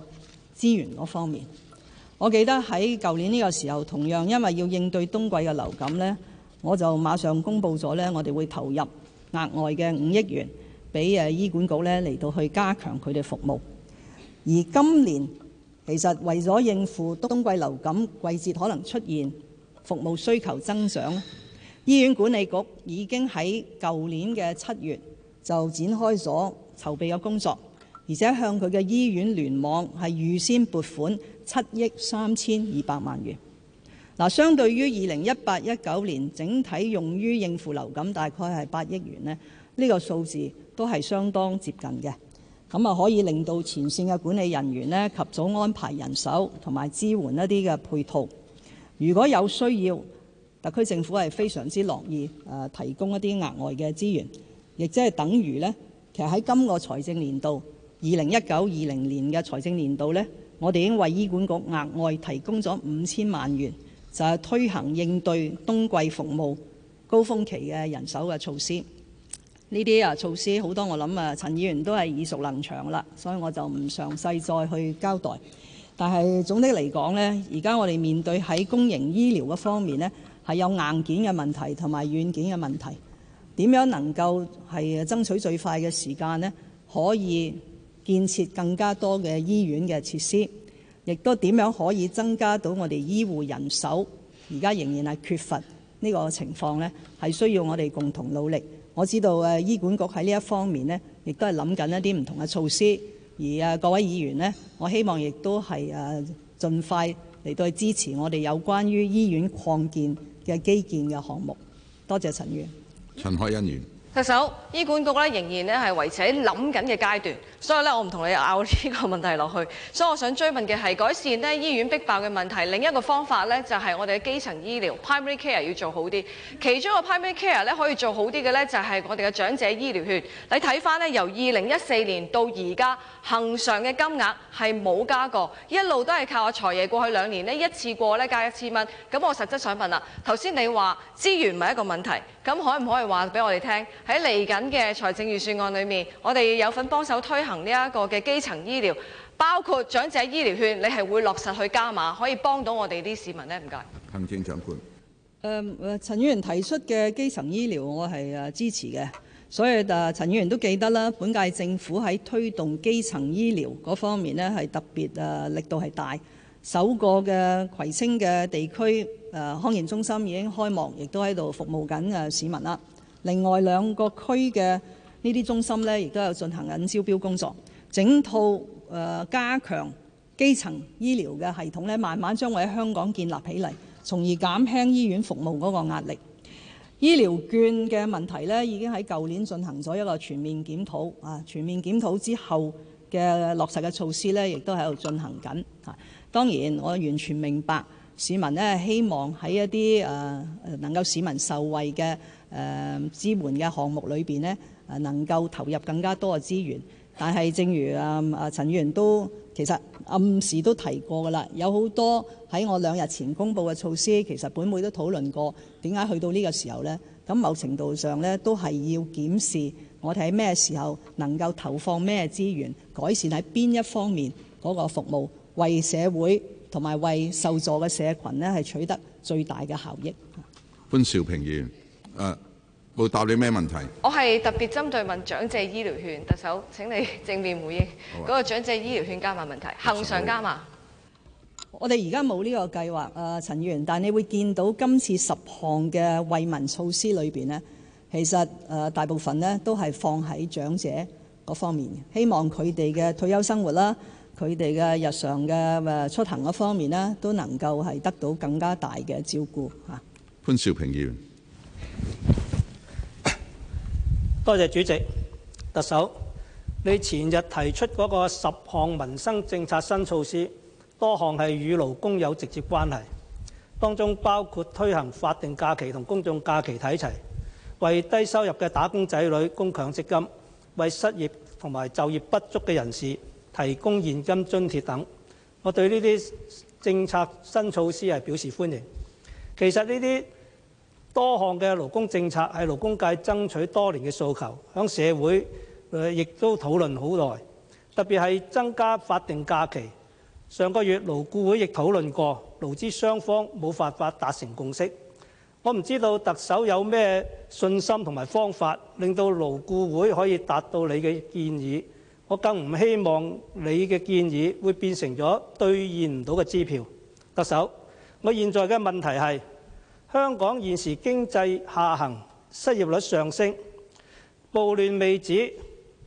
資源嗰方面。我記得喺舊年呢個時候，同樣因為要應對冬季嘅流感呢，我就馬上公布咗呢我哋會投入額外嘅五億元，俾誒醫管局呢嚟到去加強佢哋服務。而今年其實為咗應付冬季流感季節可能出現服務需求增長咧，醫院管理局已經喺舊年嘅七月就展開咗籌備嘅工作，而且向佢嘅醫院聯網係預先撥款，七億三千二百萬元，嗱，相對於二零一八一九年整體用於應付流感大概係八億元呢，呢個數字都係相當接近嘅。咁啊，可以令到前線嘅管理人員呢及早安排人手同埋支援一啲嘅配套。如果有需要，特區政府係非常之樂意、呃、提供一啲額外嘅資源，亦即係等於呢，其實喺今個財政年度二零一九二零年嘅財政年度呢。我哋已經為醫管局額外提供咗五千萬元，就係推行應對冬季服務高峰期嘅人手嘅措施。呢啲啊措施好多，我諗啊陳議員都係耳熟能詳啦，所以我就唔詳細再去交代。但係總的嚟講呢，而家我哋面對喺公營醫療嘅方面呢，係有硬件嘅問題同埋軟件嘅問題。點樣能夠係爭取最快嘅時間呢？可以。建設更加多嘅醫院嘅設施，亦都點樣可以增加到我哋醫護人手？而家仍然係缺乏呢、呢個情況呢係需要我哋共同努力。我知道誒醫管局喺呢一方面呢，亦都係諗緊一啲唔同嘅措施。而啊，各位議員呢，我希望亦都係誒盡快嚟到去支持我哋有關於醫院擴建嘅基建嘅項目。多謝陳議員。陳
恩員。陳凱欣議員。
特首，醫管局咧仍然咧係維持喺諗緊嘅階段。所以咧，我唔同你拗呢個問題落去。所以我想追問嘅係改善咧醫院逼爆嘅問題。另一個方法咧，就係我哋嘅基層醫療 primary care 要做好啲。其中一個 primary care 咧可以做好啲嘅咧，就係我哋嘅長者醫療券。你睇翻，咧，由二零一四年到而家，恒常嘅金額係冇加過，一路都係靠我財爺過去兩年呢一次過咧加一千蚊。咁我實質想問啦，頭先你話資源唔係一個問題，咁可唔可以話俾我哋聽，喺嚟緊嘅財政預算案裏面，我哋有份幫手推行？呢一個嘅基層醫療，包括長者醫療券，你係會落實去加碼，可以幫到我哋啲市民呢？唔該。行政
長官，
誒、呃、陳議員提出嘅基層醫療，我係支持嘅。所以誒，陳議員都記得啦，本屆政府喺推動基層醫療嗰方面呢，係特別誒、呃、力度係大。首個嘅葵青嘅地區誒、呃、康健中心已經開幕，亦都喺度服務緊誒市民啦。另外兩個區嘅。呢啲中心呢，亦都有進行緊招標工作，整套誒、呃、加強基層醫療嘅系統呢，慢慢將會喺香港建立起嚟，從而減輕醫院服務嗰個壓力。醫療券嘅問題呢，已經喺舊年進行咗一個全面檢討啊！全面檢討之後嘅落實嘅措施呢，亦都喺度進行緊啊。當然，我完全明白市民呢，希望喺一啲誒、呃、能夠市民受惠嘅誒、呃、支援嘅項目裏邊呢。能夠投入更加多嘅資源，但係正如啊啊、嗯、陳議員都其實暗示都提過噶啦，有好多喺我兩日前公布嘅措施，其實本會都討論過點解去到呢個時候呢。咁某程度上呢，都係要檢視我哋喺咩時候能夠投放咩資源，改善喺邊一方面嗰個服務，為社會同埋為受助嘅社群呢，係取得最大嘅效益。
潘兆平議員，啊。冇答你咩問題？
我係特別針對問長者醫療券，特首請你正面回應嗰、啊那個長者醫療券加碼問題，恒常加碼。我哋而家
冇呢個計劃，誒、呃、陳議員，但你會見到今次十項嘅惠民措施裏邊呢，其實誒大部分咧都係放喺長者嗰方面，希望佢哋嘅退休生活啦，佢哋嘅日常嘅誒出行嗰方面咧，都能夠係得到更加大嘅照顧嚇。
潘少平議員。
多謝主席、特首，你前日提出嗰個十項民生政策新措施，多項係與勞工有直接關係，當中包括推行法定假期同公眾假期睇齊，為低收入嘅打工仔女供強積金，為失業同埋就業不足嘅人士提供現金津貼等。我對呢啲政策新措施係表示歡迎。其實呢啲多項嘅勞工政策係勞工界爭取多年嘅訴求，響社會亦都討論好耐。特別係增加法定假期，上個月勞顧會亦討論過，勞資雙方冇辦法達成共識。我唔知道特首有咩信心同埋方法，令到勞顧會可以達到你嘅建議。我更唔希望你嘅建議會變成咗兌現唔到嘅支票。特首，我現在嘅問題係。香港現時經濟下行，失業率上升，暴亂未止，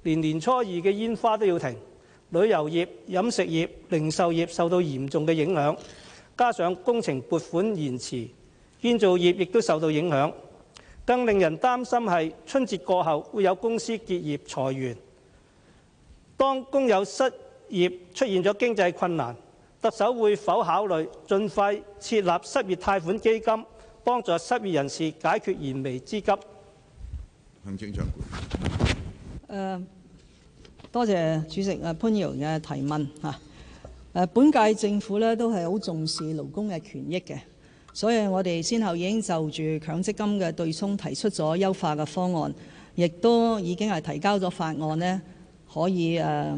連年初二嘅煙花都要停。旅遊業、飲食業、零售業受到嚴重嘅影響，加上工程撥款延遲，建造業亦都受到影響。更令人擔心係春節過後會有公司結業裁員。當工友失業出現咗經濟困難，特首會否考慮盡快設立失業貸款基金？幫助失業人士解決燃眉之急。行政
長官，嗯、
多謝主席潘耀嘅提問嚇。本屆政府咧，都係好重視勞工嘅權益嘅，所以我哋先後已經就住強積金嘅對沖提出咗優化嘅方案，亦都已經係提交咗法案呢，可以誒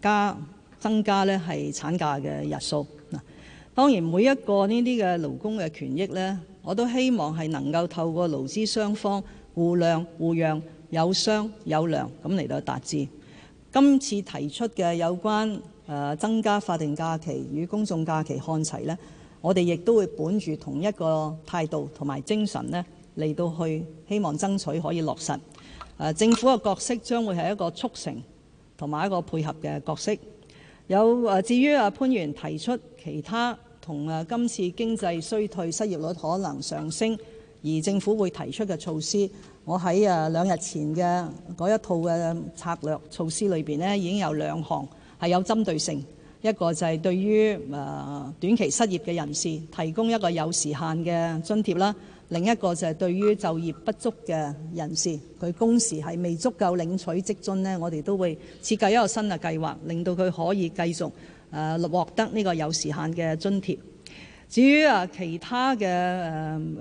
加增加呢，係產假嘅日數。嗱，當然每一個呢啲嘅勞工嘅權益呢。我都希望係能夠透過勞資雙方互諒互讓，有商有量，咁嚟到達致。今次提出嘅有關誒增加法定假期與公眾假期看齊呢，我哋亦都會本住同一個態度同埋精神呢嚟到去希望爭取可以落實。誒政府嘅角色將會係一個促成同埋一個配合嘅角色。有誒至於阿、啊、潘元提出其他。同啊，今次經濟衰退、失業率可能上升，而政府會提出嘅措施，我喺啊兩日前嘅嗰一套嘅策略措施裏邊呢，已經有兩項係有針對性，一個就係對於啊短期失業嘅人士提供一個有時限嘅津貼啦，另一個就係對於就業不足嘅人士，佢工時係未足夠領取積津呢，我哋都會設計一個新嘅計劃，令到佢可以繼續。誒獲得呢個有時限嘅津貼。至於啊，其他嘅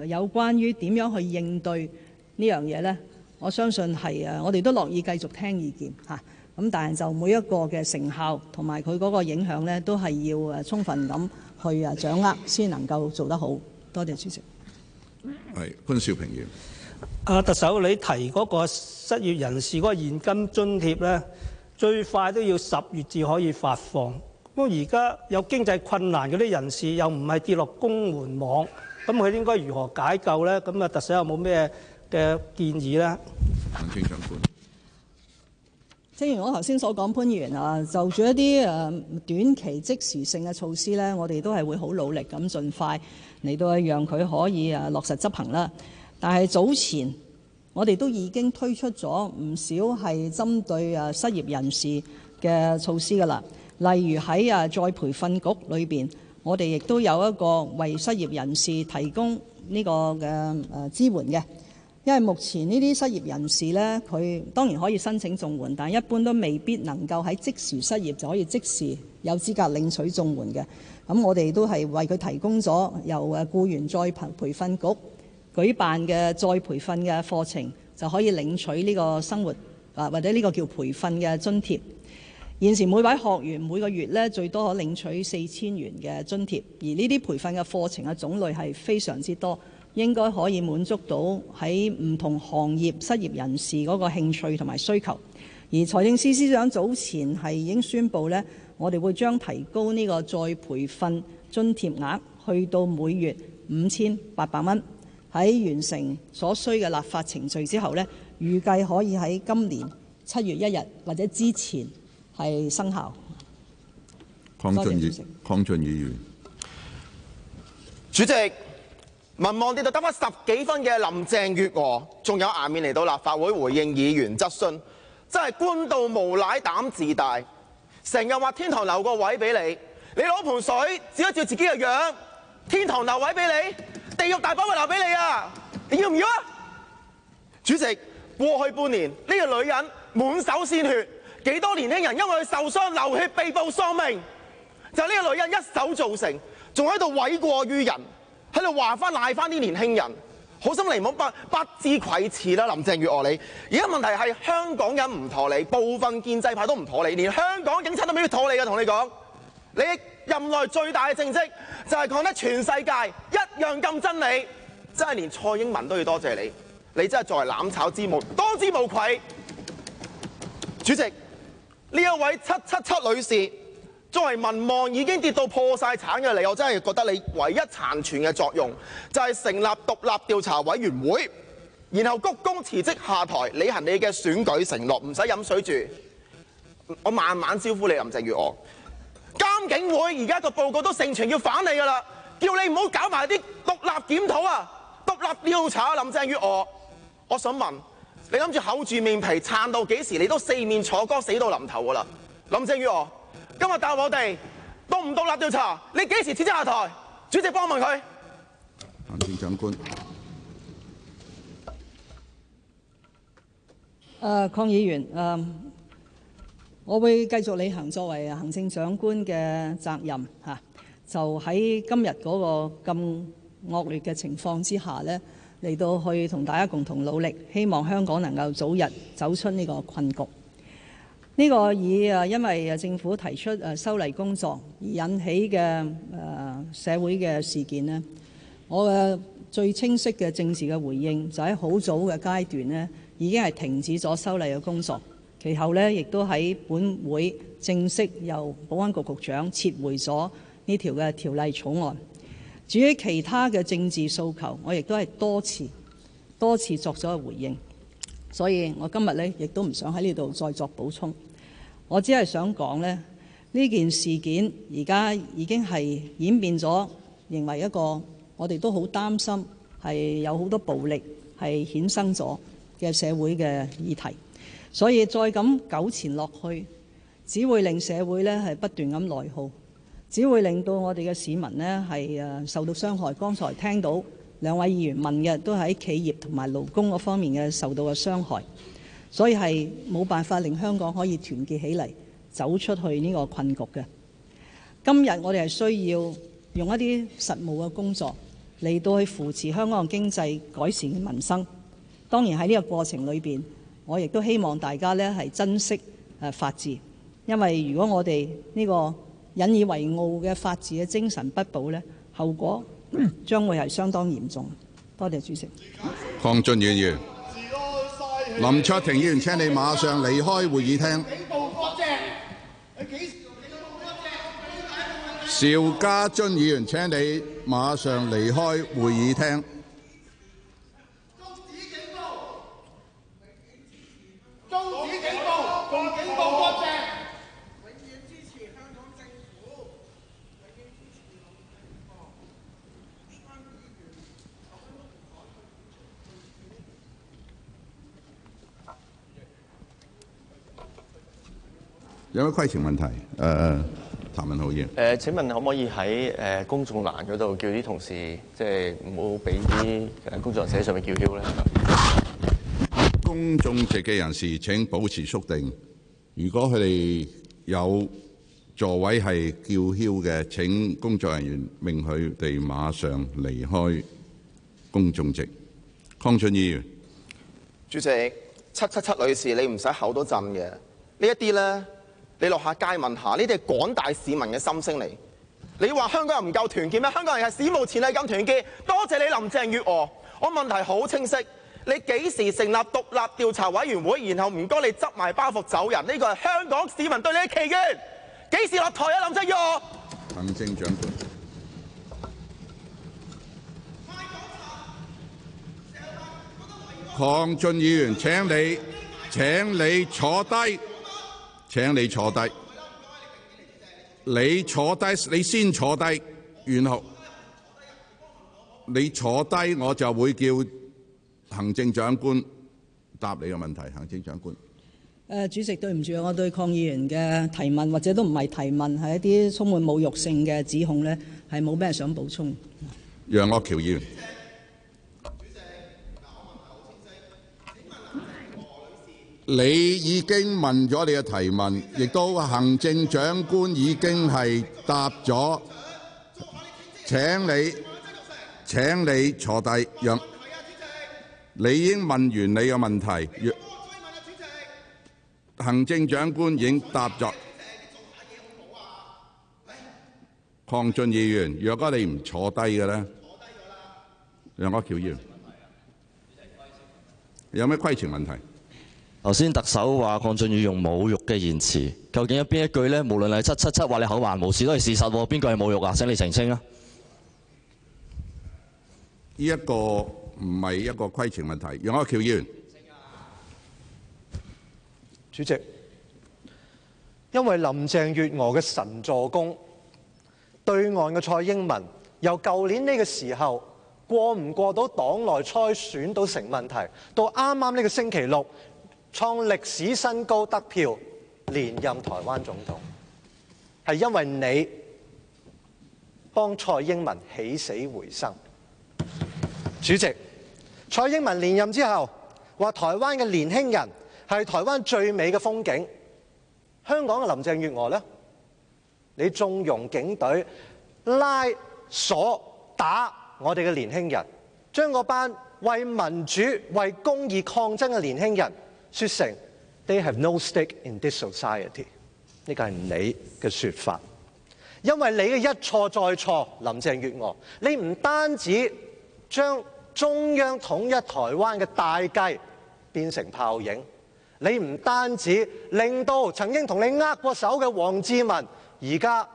誒有關於點樣去應對呢樣嘢呢？我相信係誒，我哋都樂意繼續聽意見嚇。咁但係就每一個嘅成效同埋佢嗰個影響呢，都係要誒充分咁去誒掌握，先能夠做得好。多謝主席。
係潘少平議。
阿特首，你提嗰個失業人士嗰個現金津貼呢，最快都要十月至可以發放。咁而家有經濟困難嗰啲人士又唔係跌落公援網，咁佢應該如何解救呢？咁啊，特首有冇咩嘅建議呢？行政長官，
正如我頭先所講，潘議員啊，就住一啲誒短期即時性嘅措施呢，我哋都係會好努力咁盡快嚟到讓佢可以誒落實執行啦。但係早前我哋都已經推出咗唔少係針對誒失業人士嘅措施噶啦。例如喺啊再培訓局裏邊，我哋亦都有一個為失業人士提供呢個嘅誒支援嘅。因為目前呢啲失業人士呢，佢當然可以申請綜援，但一般都未必能夠喺即時失業就可以即時有資格領取綜援嘅。咁我哋都係為佢提供咗由誒僱員再培培訓局舉辦嘅再培訓嘅課程，就可以領取呢個生活啊或者呢個叫培訓嘅津貼。現時每位學員每個月呢，最多可領取四千元嘅津貼，而呢啲培訓嘅課程嘅種類係非常之多，應該可以滿足到喺唔同行業失業人士嗰個興趣同埋需求。而財政司司長早前係已經宣布呢，我哋會將提高呢個再培訓津貼額去到每月五千八百蚊。喺完成所需嘅立法程序之後呢，預計可以喺今年七月一日或者之前係生效。
鄺俊宇，鄺俊宇議員，
主席，民望跌到得返十幾分嘅林鄭月娥，仲有顏面嚟到立法會回應議員質詢，真係官道無賴膽自大，成日話天堂留個位俾你，你攞盆水只可照一照自己嘅樣，天堂留位俾你，地獄大把位留俾你啊，你要唔要啊？主席，過去半年呢個女人滿手鮮血。幾多年輕人因為佢受傷流血被捕喪命，就呢、是、個女人一手造成，仲喺度毀過於人，喺度話翻賴翻啲年輕人，好心你唔好不要不，不知愧賒愧恥啦，林鄭月娥，你而家問題係香港人唔妥你，部分建制派都唔妥你，連香港警察都唔妥你嘅，同你講，你，說你任內最大嘅政績就係講得全世界一樣咁真，理，真係連蔡英文都要多謝你，你真係作為攬炒之母多之無愧，主席。呢一位七七七女士，作為民望已經跌到破晒產嘅你，我真係覺得你唯一殘存嘅作用，就係成立獨立調查委員會，然後鞠躬辭職下台，履行你嘅選舉承諾，唔使飲水住。我慢慢招呼你，林鄭月娥監警會而家個報告都盛傳要反你噶啦，叫你唔好搞埋啲獨立檢討啊、獨立調查，林鄭月娥，我想問。你諗住厚住面皮撐到幾時？你都四面楚歌，死到臨頭㗎喇。林鄭月娥今天我今日答我哋，到唔到立調查？你幾時撤職下，下台？
主席幫我問佢。
行政長官、
呃，誒，抗議員，誒、呃，我會繼續履行作為行政長官嘅責任、啊、就喺今日嗰個咁惡劣嘅情況之下呢。嚟到去同大家共同努力，希望香港能夠早日走出呢個困局。呢個以啊，因為啊政府提出啊修例工作而引起嘅啊社會嘅事件呢，我嘅最清晰嘅正式嘅回應就喺好早嘅階段呢，已經係停止咗修例嘅工作。其後呢亦都喺本會正式由保安局局長撤回咗呢條嘅條例草案。至於其他嘅政治訴求，我亦都係多次多次作咗回應，所以我今日咧亦都唔想喺呢度再作補充。我只係想講呢，呢件事件而家已經係演變咗，成為一個我哋都好擔心係有好多暴力係衍生咗嘅社會嘅議題。所以再咁糾纏落去，只會令社會呢係不斷咁內耗。只會令到我哋嘅市民呢，係誒受到傷害。剛才聽到兩位議員問嘅都喺企業同埋勞工嗰方面嘅受到嘅傷害，所以係冇辦法令香港可以團結起嚟走出去呢個困局嘅。今日我哋係需要用一啲實務嘅工作嚟到去扶持香港嘅經濟，改善民生。當然喺呢個過程裏邊，我亦都希望大家呢，係珍惜誒法治，因為如果我哋呢個。引以為傲嘅法治嘅精神不保咧，後果將會係相當嚴重。多謝主席。
康俊議員，林卓廷議員，請你馬上離開會議廳。
警告！多謝。你幾時？警告！多謝。
邵家臻議員，請你馬上離開會議廳。警
告！多謝。
有咩規程問題？誒、uh，譚文豪議員。
誒，請問可唔可以喺誒、uh, 公眾欄嗰度叫啲同事，即係唔好俾啲工作人員上面叫囂咧。
公眾席嘅人士請保持肅靜。如果佢哋有座位係叫囂嘅，請工作人員命佢哋馬上離開公眾席。康俊義議員，
主席，七七七女士，你唔使口多陣嘅。這些呢一啲咧。你落下街問下，呢啲係廣大市民嘅心聲嚟。你話香港人唔夠團結咩？香港人係史無前例咁團結。多謝你林鄭月娥。我問題好清晰，你幾時成立獨立調查委員會？然後唔該你執埋包袱走人。呢個係香港市民對你嘅期願。幾時落台啊，林鄭月娥？
行政長官。鄺俊宇議員，請你請你坐低。請你坐低。你坐低，你先坐低，然後你坐低，我就會叫行政長官答你嘅問題。行政長官，
誒，主席對唔住，我對抗議員嘅提問，或者都唔係提問，係一啲充滿侮辱性嘅指控咧，係冇咩想補充。
楊岳橋議員。你已經問咗你嘅提問，亦都行政長官已經係答咗。請你請你坐低。問題啊，主席。你已經問完你嘅問題，行政長官已經答咗。擴進議員，若果你唔坐低嘅咧，楊國強議員。有咩規程問題？頭先特首話鄺俊宇用侮辱嘅言詞，究竟
有邊一句呢？無論係七七七話你口環無事，都係事實。邊句係侮辱啊？請你澄清啊！呢
一個唔係一個規程問題，楊岳橋議員。主席，
因為林鄭月娥嘅神助攻，對岸嘅蔡英文由舊年呢個時候過唔過到黨內初選都成問題，到啱啱呢個星期六。創歷史新高得票連任台灣總統，係因為你幫蔡英文起死回生。主席，蔡英文連任之後話：說台灣嘅年輕人係台灣最美嘅風景。香港嘅林鄭月娥呢，你縱容警隊拉鎖打我哋嘅年輕人，將嗰班為民主、為公義抗爭嘅年輕人。説成，they have no stake in this society，呢個係你嘅説法，因為你嘅一錯再錯，林鄭月娥，你唔單止將中央統一台灣嘅大計變成泡影，你唔單止令到曾經同你握過手嘅王志民而家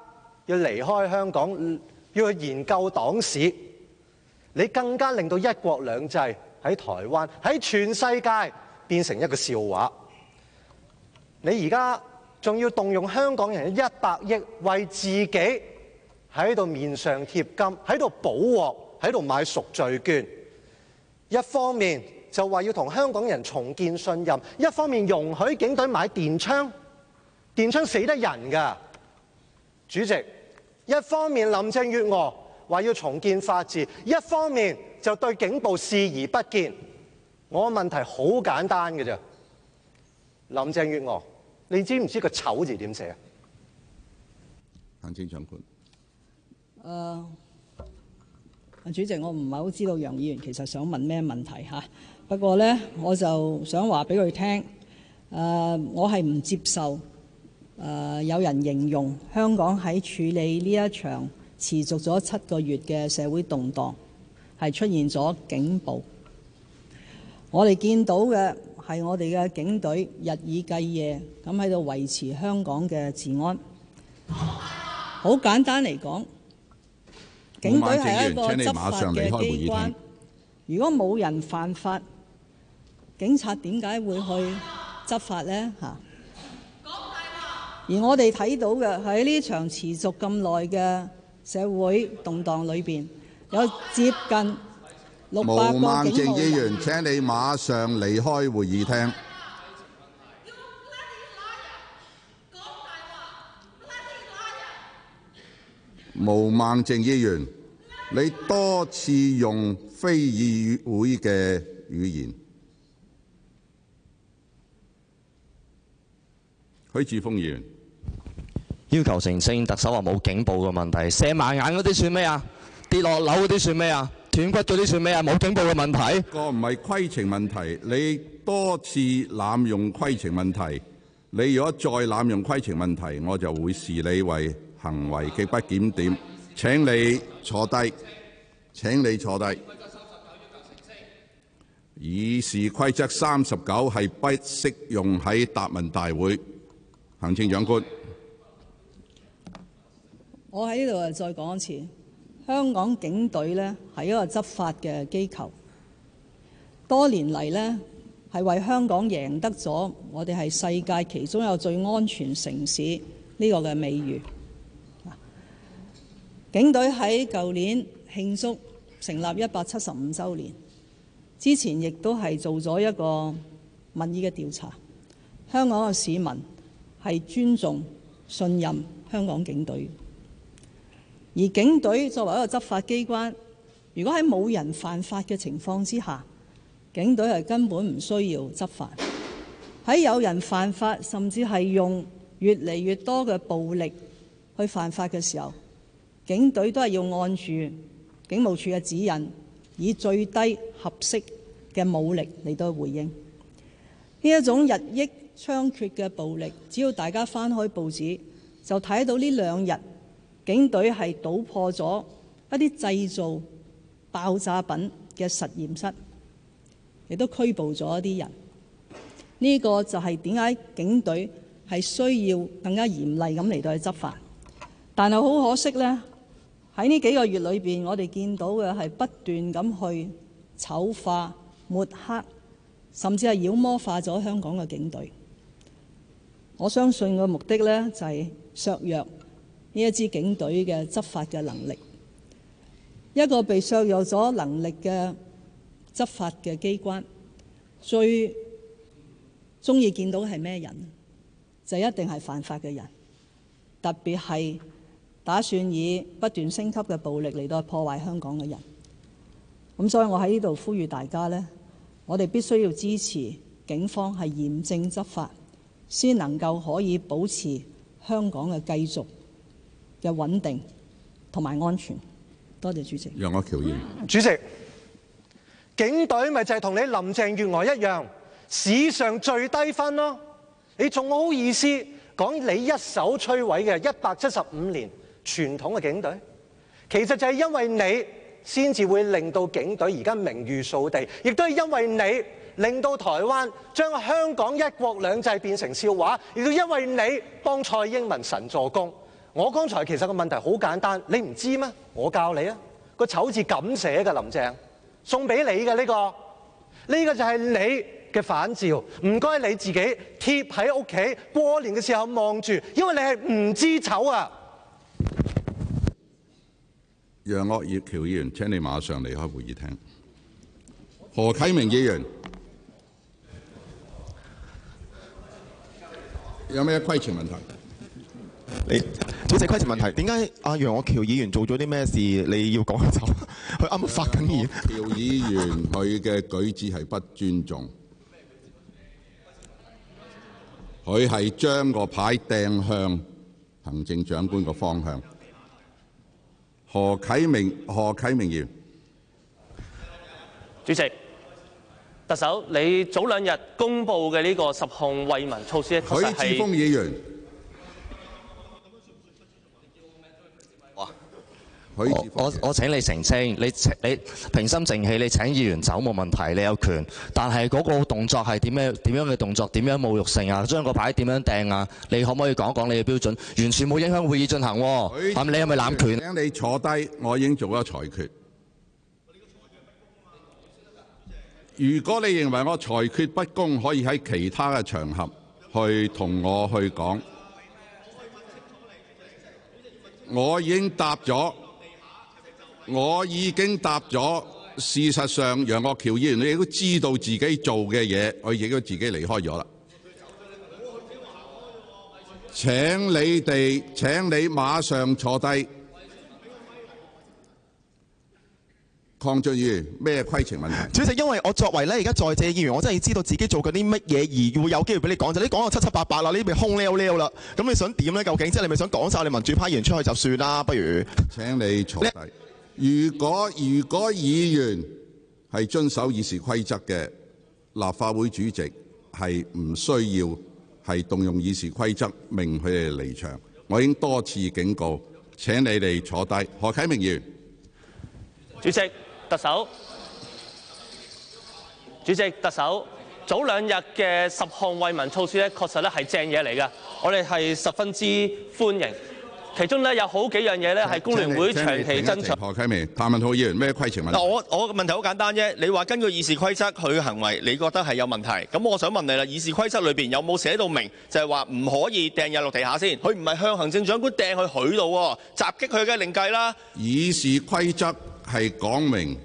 要離開香港，要去研究黨史，你更加令到一國兩制喺台灣，喺全世界，變成一個笑話。你而家仲要動用香港人嘅一百億為自己喺度面上貼金，喺度補鑊，喺度買贖罪券。一方面就話要同香港人重建信任，一方面容許警隊買電槍，電槍死得人㗎。主席，一方面林鄭月娥話要重建法治，一方面就對警暴視而不見。我問題好簡單嘅啫，林鄭月娥，你知唔知道個醜字點寫
啊？行政長官，
誒，主席，我唔係好知道楊議員其實想問咩問題嚇。不過咧，我就想話俾佢聽，誒、uh，我係唔接受誒、uh，有人形容香港喺處理呢一場持續咗七個月嘅社會動盪，係出現咗警暴。我哋見到嘅係我哋嘅警隊日以繼夜咁喺度維持香港嘅治安，好簡單嚟講，
警隊
係一個執法嘅機關。如果冇人犯法，警察點解會去執法呢？嚇。而我哋睇到嘅喺呢場持續咁耐嘅社會動盪裏邊，有接近。毛孟靜議員，請
你馬上離開會議廳。毛孟靜議員，你多次用非議會嘅語言。許智峰議員，
要求澄清特首話冇警暴嘅問題，射盲眼嗰啲算咩啊？跌
落樓嗰啲算咩啊？斷骨做啲算咩啊？冇警報嘅問題。個唔係規程問題，你多次濫用規程問題，你如果再濫用規程問題，我就會視你為行為嘅不檢點，請你坐低，請你坐低。議事規則三十九係不適用喺答問大會。行政長官，
我喺呢度啊，再講一次。香港警隊咧係一個執法嘅機構，多年嚟咧係為香港贏得咗我哋係世界其中一個最安全的城市呢，這個嘅美譽。警隊喺舊年慶祝成立一百七十五週年之前，亦都係做咗一個民意嘅調查，香港嘅市民係尊重、信任香港警隊。而警隊作為一個執法機關，如果喺冇人犯法嘅情況之下，警隊係根本唔需要執法；喺有人犯法，甚至係用越嚟越多嘅暴力去犯法嘅時候，警隊都係要按住警務處嘅指引，以最低合適嘅武力嚟到回應呢一種日益猖獗嘅暴力。只要大家翻開報紙，就睇到呢兩日。警隊係搗破咗一啲製造爆炸品嘅實驗室，亦都拘捕咗一啲人。呢個就係點解警隊係需要更加嚴厲咁嚟到去執法。但係好可惜呢，喺呢幾個月裏邊，我哋見到嘅係不斷咁去醜化、抹黑，甚至係妖魔化咗香港嘅警隊。我相信個目的呢，就係削弱。呢一支警隊嘅執法嘅能力，一個被削弱咗能力嘅執法嘅機關，最鍾意見到係咩人？就一定係犯法嘅人，特別係打算以不斷升級嘅暴力嚟到破壞香港嘅人。咁所以我喺呢度呼籲大家呢，我哋必須要支持警方係嚴正執法，先能夠可以保持香港嘅繼續嘅穩定同埋安全，多謝主席。
讓我橋言，
主席，警隊咪就係同你林鄭月娥一樣，
史上最低分咯。你仲好意思講你一手摧毀嘅一百七十五年傳統嘅警隊？其實就係因為你，先至會令到警隊而家名譽掃地，亦都係因為你令到台灣將香港一國兩制變成笑話，亦都因為你幫蔡英文神助攻。我剛才其實個問題好簡單，你唔知咩？我教你啊，個醜字咁寫㗎，林鄭送俾你嘅呢個，呢個就係你嘅反照，唔該你自己貼喺屋企過年嘅時候望住，因為你係唔知醜啊！
楊岳橋議員，請你馬上離開會議廳。何啟明議員， 有咩規程問題？
你，主席，規程問題點解阿楊岳橋議員做咗啲咩事？你要講就佢啱
啱發緊言。楊議員佢嘅 舉止係不尊重，佢係將個牌掟向行政長官個方向。何啟明，何啟明議員。
主席，特首，你早兩日公布嘅呢個十項惠民措施，許智峯
議員。
我我我請你澄清，你你，你平心靜氣，你請議員走冇問題，你有權。但係嗰個動作係點樣？點樣嘅動作？點樣侮辱性啊？將個牌點樣掟啊？你可唔可以講講你嘅標
準？完全冇影響會議進行，啊。係咪你係咪濫權，啊？請你坐低，我已經做咗裁決。如果你認為我裁決不公，可以喺其他嘅場合去同我去講。我已經答咗。我已經答咗，事實上楊岳橋議員你都知道自己做嘅嘢，我亦都自己離開咗啦。請你哋，請你馬上坐低。鄺俊宇，咩規程問題？主席，因為我作為咧而家在職議員，我真係知
道自己做過啲乜嘢，而會有機會俾你講。就你講到七七八八啦，你咪空撩撩啦。咁你想點咧？
究竟即係你咪想講曬你民主派議員出去就算啦？不如請你坐低。如果如果議員係遵守議事規則嘅，立法會主席係唔需要係動用議事規則命佢哋離場。我已經多次警告，請你哋坐低。何啟明議員，
主席、特首、主席、特首，早兩日嘅十項惠民措施咧，確實咧係正嘢嚟㗎，我哋係十分之歡迎。其中咧有好幾樣嘢咧，係工聯會長期爭取。何
啟明、譚文浩議員咩規程問題？嗱，我
我個問題好簡單啫。你話根據議事規則佢嘅行為，你覺得係有問題？咁我想問你啦，議事規則裏邊有冇寫到明，就係話唔可以掟入落地下先？佢唔係向行政長官掟去許度喎，襲擊佢嘅另計啦。
議事規則係講明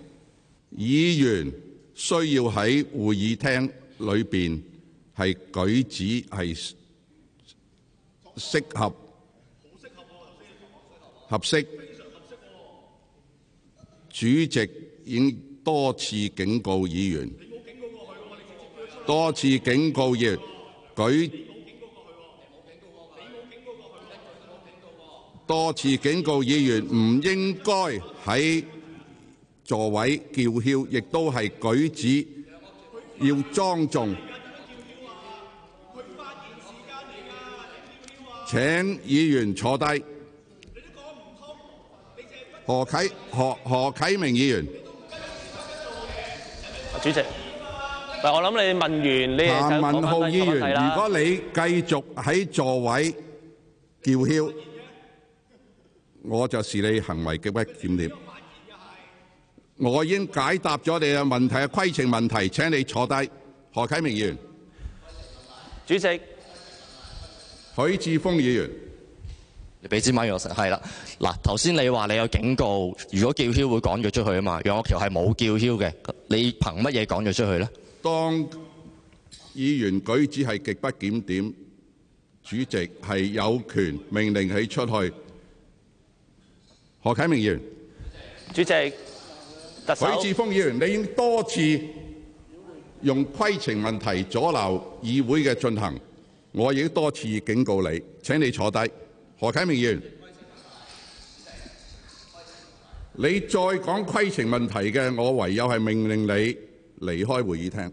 議員需要喺會議廳裏邊係舉止係適合。合適，主席已多次警告議員，多次警告議員舉，多次警告議員唔應該喺座位叫囂，亦都係舉止要莊重。請議員坐低。何啟何何啟明議員，主席，嗱，我諗你問完你嘅問題，我覺得你如果你繼續喺座位叫囂，我就視你行為極不檢點。我已經解答咗你嘅問題嘅規程問題。請你坐低，何啟明議員，主席，許智峰議員。
你俾支麥我食係啦嗱。頭先你話你有警告，如果叫囂會趕佢出去啊嘛。楊岳橋係冇叫囂嘅，你憑乜嘢趕佢出去呢？
當議員舉止係極不檢點，主席係有權命令佢出去。何啟明議員，主席，許智峰議員，你已經多次用規程問題阻撓議會嘅進行，我已經多次警告你，請你坐低。何啟明議員，你再講規程問題嘅，我唯有係命令你離開會議廳。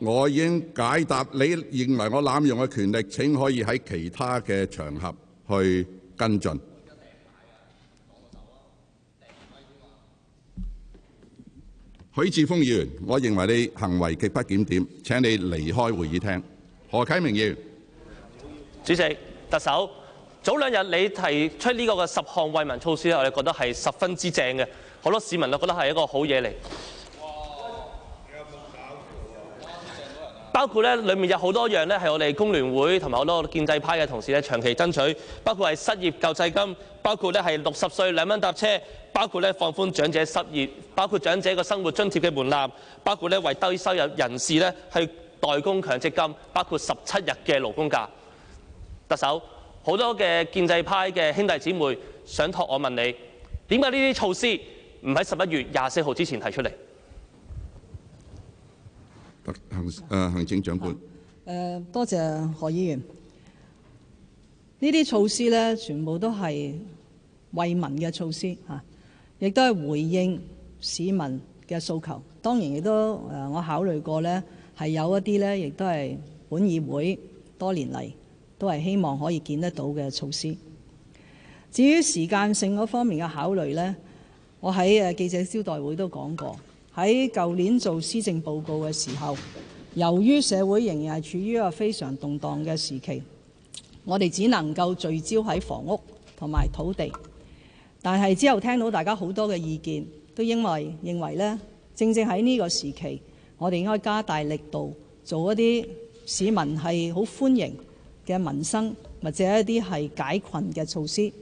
我已經解答，你認為我濫用嘅權力，請可以喺其他嘅場合去跟進。許智峰議員，我認為你行為極不檢點，請你離開會議廳。何啟明議員，主席、特首，
早兩日你提出呢個嘅十項惠民措施咧，我哋覺得係十分之正嘅，好多市民都覺得係一個好嘢嚟。包括咧，裏面有好多樣咧，係我哋工聯會同埋好多建制派嘅同事咧，長期爭取，包括係失業救濟金，包括咧係六十歲兩蚊搭車，包括咧放寬長者失業，包括長者嘅生活津貼嘅門檻，包括咧為低收入人士咧去代供強積金，包括十七日嘅勞工假。特首，好多嘅建制派嘅兄弟姊妹想託我問你，點解呢啲措施唔喺十一月廿四號之前提出嚟？
行誒行政長官
誒，多謝何議員。呢啲措施呢，全部都係為民嘅措施嚇，亦都係回應市民嘅訴求。當然亦都誒，我考慮過呢，係有一啲呢，亦都係本議會多年嚟都係希望可以見得到嘅措施。至於時間性嗰方面嘅考慮呢，我喺誒記者招待會都講過。喺舊年做施政報告嘅時候，由於社會仍然係處於一個非常動盪嘅時期，我哋只能夠聚焦喺房屋同埋土地。但係之後聽到大家好多嘅意見，都因為，認為呢，正正喺呢個時期，我哋應該加大力度做一啲市民係好歡迎嘅民生，或者一啲係解困嘅措施。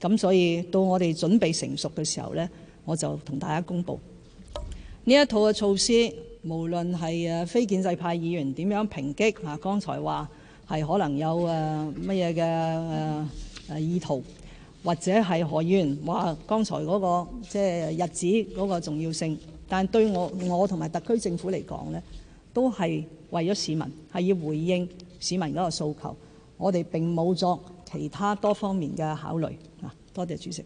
咁所以到我哋準備成熟嘅時候呢，我就同大家公佈。呢一套嘅措施，無論係誒非建制派議員點樣抨擊，啊，剛才話，係可能有誒乜嘢嘅誒誒意圖，或者係何議員話剛才嗰個即係日子嗰個重要性，但對我我同埋特區政府嚟講咧，都係為咗市民係要回應市民嗰個訴求，我哋並冇作其他多方面嘅考慮，嚇，多謝主席。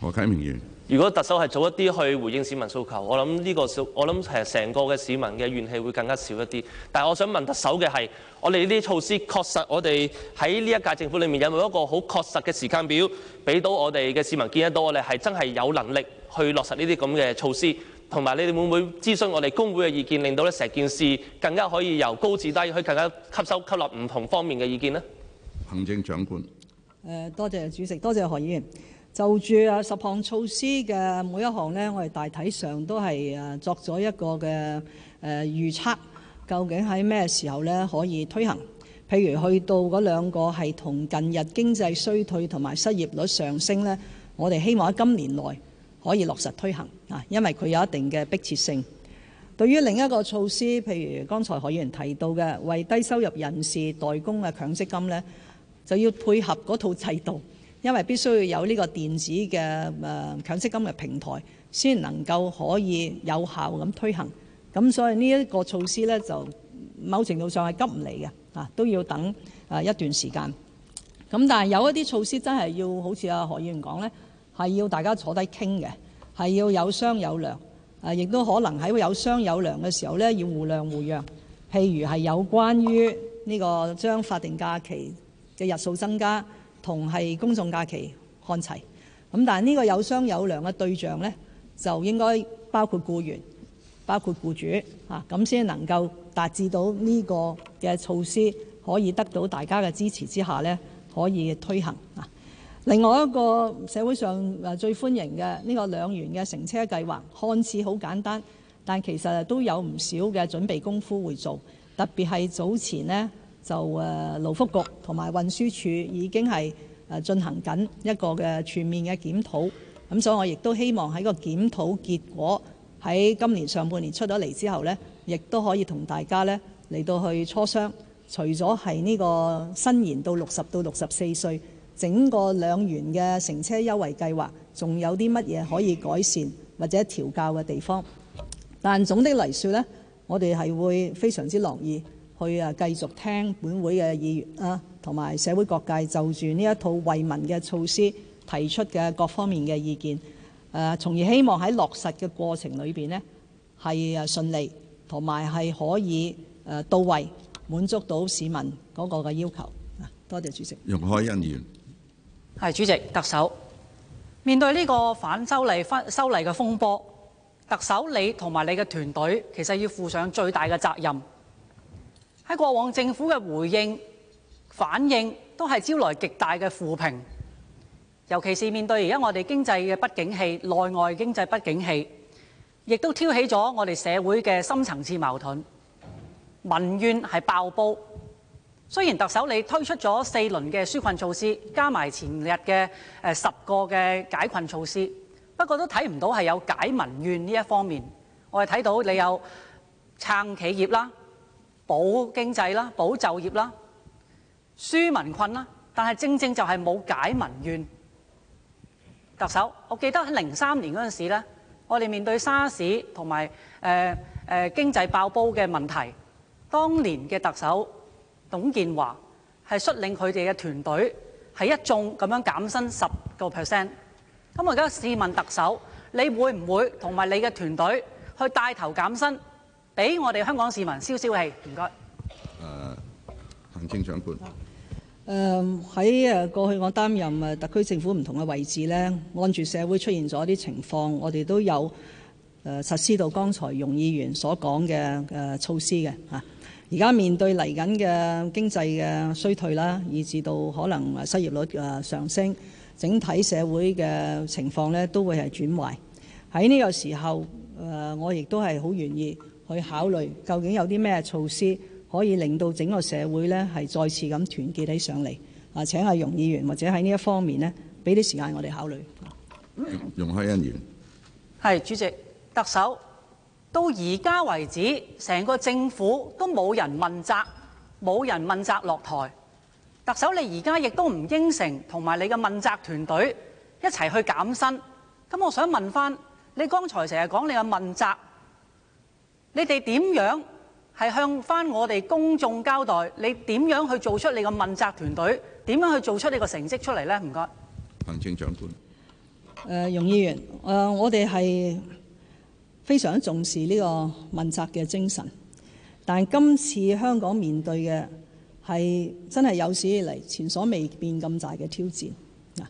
何啟明議員。
如果特首係早一啲去回應市民訴求，我諗呢個，我諗其實成個嘅市民嘅怨氣會更加少一啲。但係我想問特首嘅係，我哋呢啲措施確實，我哋喺呢一屆政府裡面有冇一個好確實嘅時間表，俾到我哋嘅市民見得到，我哋係真係有能力去落實呢啲咁嘅措施，同埋你哋會唔會諮詢我哋工會嘅意見，令到咧成件事更加可以由高至低，去更加吸收吸納唔同方面嘅意見呢？
行政長官。
呃，多謝主席，多謝何議員。就住啊十項措施嘅每一項呢，我哋大體上都係作咗一個嘅預測，究竟喺咩時候呢可以推行？譬如去到嗰兩個係同近日經濟衰退同埋失業率上升呢，我哋希望喺今年內可以落實推行啊，因為佢有一定嘅迫切性。對於另一個措施，譬如剛才何議員提到嘅為低收入人士代工嘅強積金呢，就要配合嗰套制度。因為必須要有呢個電子嘅誒強積金嘅平台，先能夠可以有效咁推行。咁所以呢一個措施呢，就某程度上係急唔嚟嘅，啊都要等誒一段時間。咁但係有一啲措施真係要好似阿何議員講咧，係要大家坐低傾嘅，係要有商有量。誒亦都可能喺有商有量嘅時候呢，要互諒互讓。譬如係有關於呢個將法定假期嘅日數增加。同係公眾假期看齊，咁但係呢個有商有量嘅對象呢，就應該包括僱員、包括僱主啊，咁先能夠達至到呢個嘅措施可以得到大家嘅支持之下呢，可以推行啊。另外一個社會上啊最歡迎嘅呢個兩元嘅乘車計劃，看似好簡單，但其實都有唔少嘅準備功夫會做，特別係早前呢，就誒勞福局同埋運輸署已經係誒進行緊一個嘅全面嘅檢討，咁所以我亦都希望喺個檢討結果喺今年上半年出咗嚟之後呢，亦都可以同大家呢嚟到去磋商，除咗係呢個新延到六十到六十四歲整個兩元嘅乘車優惠計劃，仲有啲乜嘢可以改善或者調校嘅地方。但總的嚟説呢，我哋係會非常之樂意。去啊！繼續聽本會嘅議員啊，同埋社會各界就住呢一套惠民嘅措施提出嘅各方面嘅意見，誒，從而希望喺落實嘅過程裏邊咧，係誒順利，同埋係可以誒到位，滿足到市民嗰個嘅要求。多謝主席。
容開恩議
員，
係主席、特首面對呢個
反修例、修例嘅風波，特首你同埋你嘅團隊其實要負上最大嘅責任。喺過往政府嘅回應反應，都係招來極大嘅負評。尤其是面對而家我哋經濟嘅不景氣，內外經濟不景氣，亦都挑起咗我哋社會嘅深層次矛盾。民怨係爆煲。雖然特首你推出咗四輪嘅紓困措施，加埋前日嘅十個嘅解困措施，不過都睇唔到係有解民怨呢一方面。我哋睇到你有撐企業啦。保經濟啦，保就業啦，紓民困啦，但係正正就係冇解民怨。特首，我記得喺零三年嗰陣時咧，我哋面對沙士同埋誒誒經濟爆煲嘅問題，當年嘅特首董建華係率領佢哋嘅團隊係一眾咁樣減薪十個 percent。咁我而家試問特首，你會唔會同埋你嘅團隊去帶頭減薪？俾我哋香港市民消
消氣，唔該。Uh, 行政長官
喺誒過去，我擔任特區政府唔同嘅位置呢，按住社會出現咗啲情況，我哋都有誒實施到剛才容議員所講嘅誒措施嘅嚇。而家面對嚟緊嘅經濟嘅衰退啦，以至到可能失業率誒上升，整體社會嘅情況呢都會係轉壞。喺呢個時候誒，我亦都係好願意。去考慮究竟有啲咩措施可以令到整個社會呢係再次咁團結起上嚟啊！請阿容議員或者喺呢一方面呢，俾啲時間我哋考慮。
容海恩議員，係主席，特首到而家為止，成個政府都冇人問責，冇人問責落台。特首你而家亦都唔應承同埋你嘅問責團隊一齊去減薪。咁我想問翻你，剛才成日講你嘅問責。你哋點樣係向翻我哋公眾交代？你點樣去做出你個問責團隊？點樣去做出你個
成績出嚟呢？唔該，
行政長官。
誒、呃，容議員，誒、呃，我哋係非常重視呢個問責嘅精神，但今次香港面對嘅係真係有史以嚟前所未見咁大嘅挑戰。嗱，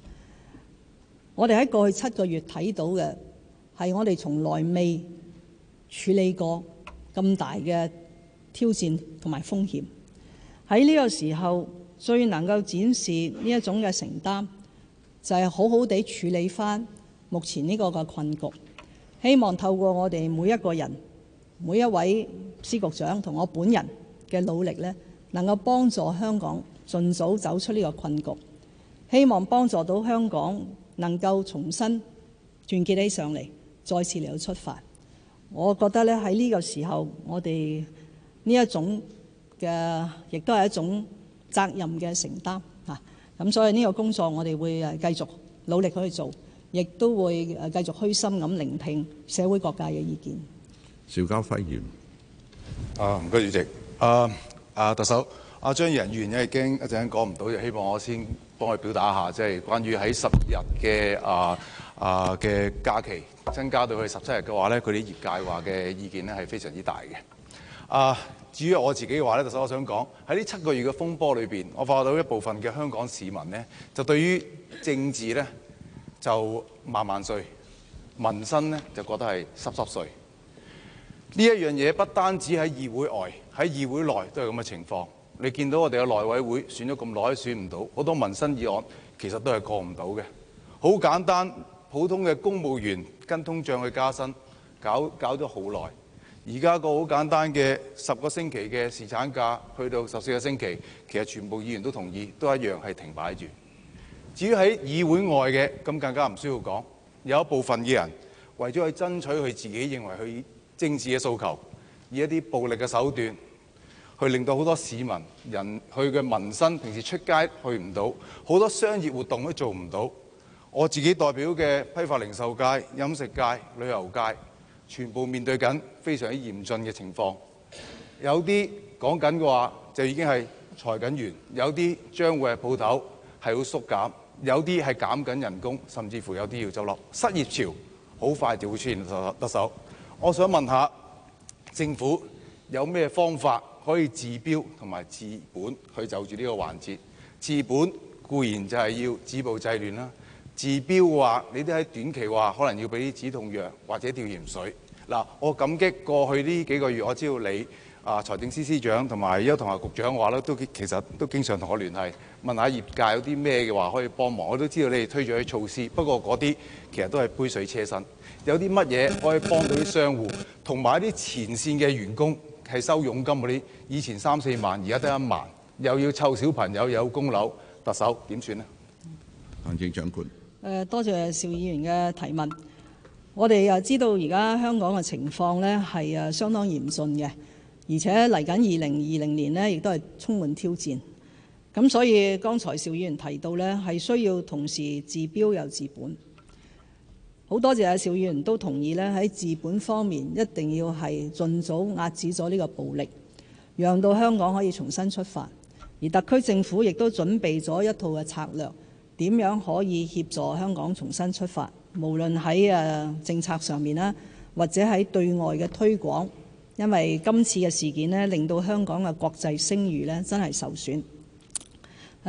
我哋喺過去七個月睇到嘅係我哋從來未處理過。咁大嘅挑戰同埋風險，喺呢個時候最能夠展示呢一種嘅承擔，就係好好地處理翻目前呢個嘅困局。希望透過我哋每一個人、每一位司局長同我本人嘅努力呢，能夠幫助香港盡早走出呢個困局。希望幫助到香港能夠重新團結起上嚟，再次嚟到出發。我覺得咧，喺呢個時候，我哋呢一種嘅亦都係一種責任嘅承擔嚇。咁所以呢個工作，我哋會誒繼續努力去做，亦都會誒繼續虛心咁聆聽社會各界嘅意見。
邵家輝議員，啊唔該主席，
啊啊特首，阿張議員，原因係驚一陣間講唔到，希望我先幫佢表達一下，即係關於喺十日嘅啊啊嘅假期。增加到去十七日嘅話咧，佢啲業界話嘅意見咧係非常之大嘅。啊，至於我自己嘅話咧，就我想講，喺呢七個月嘅風波裏邊，我發覺到一部分嘅香港市民咧，就對於政治咧就萬萬歲，民生咧就覺得係濕濕碎。呢一樣嘢不單止喺議會外，喺議會內都係咁嘅情況。你見到我哋嘅內委會選咗咁耐都選唔到，好多民生議案其實都係過唔到嘅。好簡單。普通嘅公務員跟通脹去加薪，搞搞咗好耐。而家個好簡單嘅十個星期嘅時產假，去到十四個星期，其實全部議員都同意，都一樣係停擺住。至於喺議會外嘅，咁更加唔需要講。有一部分嘅人為咗去爭取佢自己認為佢政治嘅訴求，以一啲暴力嘅手段去令到好多市民人佢嘅民生，平時出街去唔到，好多商業活動都做唔到。我自己代表嘅批發零售界、飲食界、旅遊界，全部面對緊非常之嚴峻嘅情況。有啲講緊嘅話就已經係裁緊員，有啲將會係鋪頭，係會縮減，有啲係減緊人工，甚至乎有啲要走落失業潮，好快就會出現得手。我想問下政府有咩方法可以治標同埋治本去就住呢個環節？治本固然就係要止暴制亂啦。治標嘅話，你都喺短期話，可能要俾止痛藥或者調鹽水嗱。我感激過去呢幾個月，我知道你啊財政司司長與與同埋邱騰華局長話啦，都其實都經常同我聯繫問下業界有啲咩嘅話可以幫忙。我都知道你哋推咗啲措施，不過嗰啲其實都係杯水車薪。有啲乜嘢可以幫到啲商戶同埋一啲前線嘅員工係收佣金嗰啲，以前三四萬而家得一萬，又要湊小朋友有供樓特首點算咧？
行政長官。
誒多謝邵議員嘅提問。我哋又知道而家香港嘅情況呢係誒相當嚴峻嘅，而且嚟緊二零二零年呢亦都係充滿挑戰。咁所以剛才邵議員提到呢係需要同時治標又治本。好多謝邵議員都同意呢喺治本方面一定要係盡早壓止咗呢個暴力，讓到香港可以重新出發。而特區政府亦都準備咗一套嘅策略。點樣可以協助香港重新出發？無論喺誒政策上面啦，或者喺對外嘅推廣，因為今次嘅事件咧，令到香港嘅國際聲譽咧真係受損。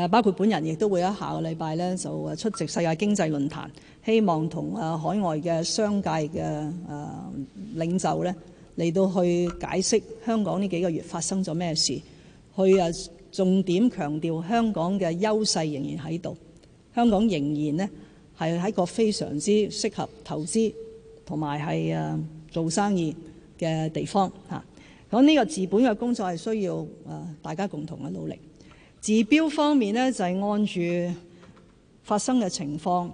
包括本人亦都會喺下個禮拜咧就出席世界經濟論壇，希望同誒海外嘅商界嘅誒領袖咧嚟到去解釋香港呢幾個月發生咗咩事，去誒重點強調香港嘅優勢仍然喺度。香港仍然呢，係一個非常之適合投資同埋係誒做生意嘅地方嚇。咁呢個治本嘅工作係需要誒大家共同嘅努力。治標方面呢，就係按住發生嘅情況，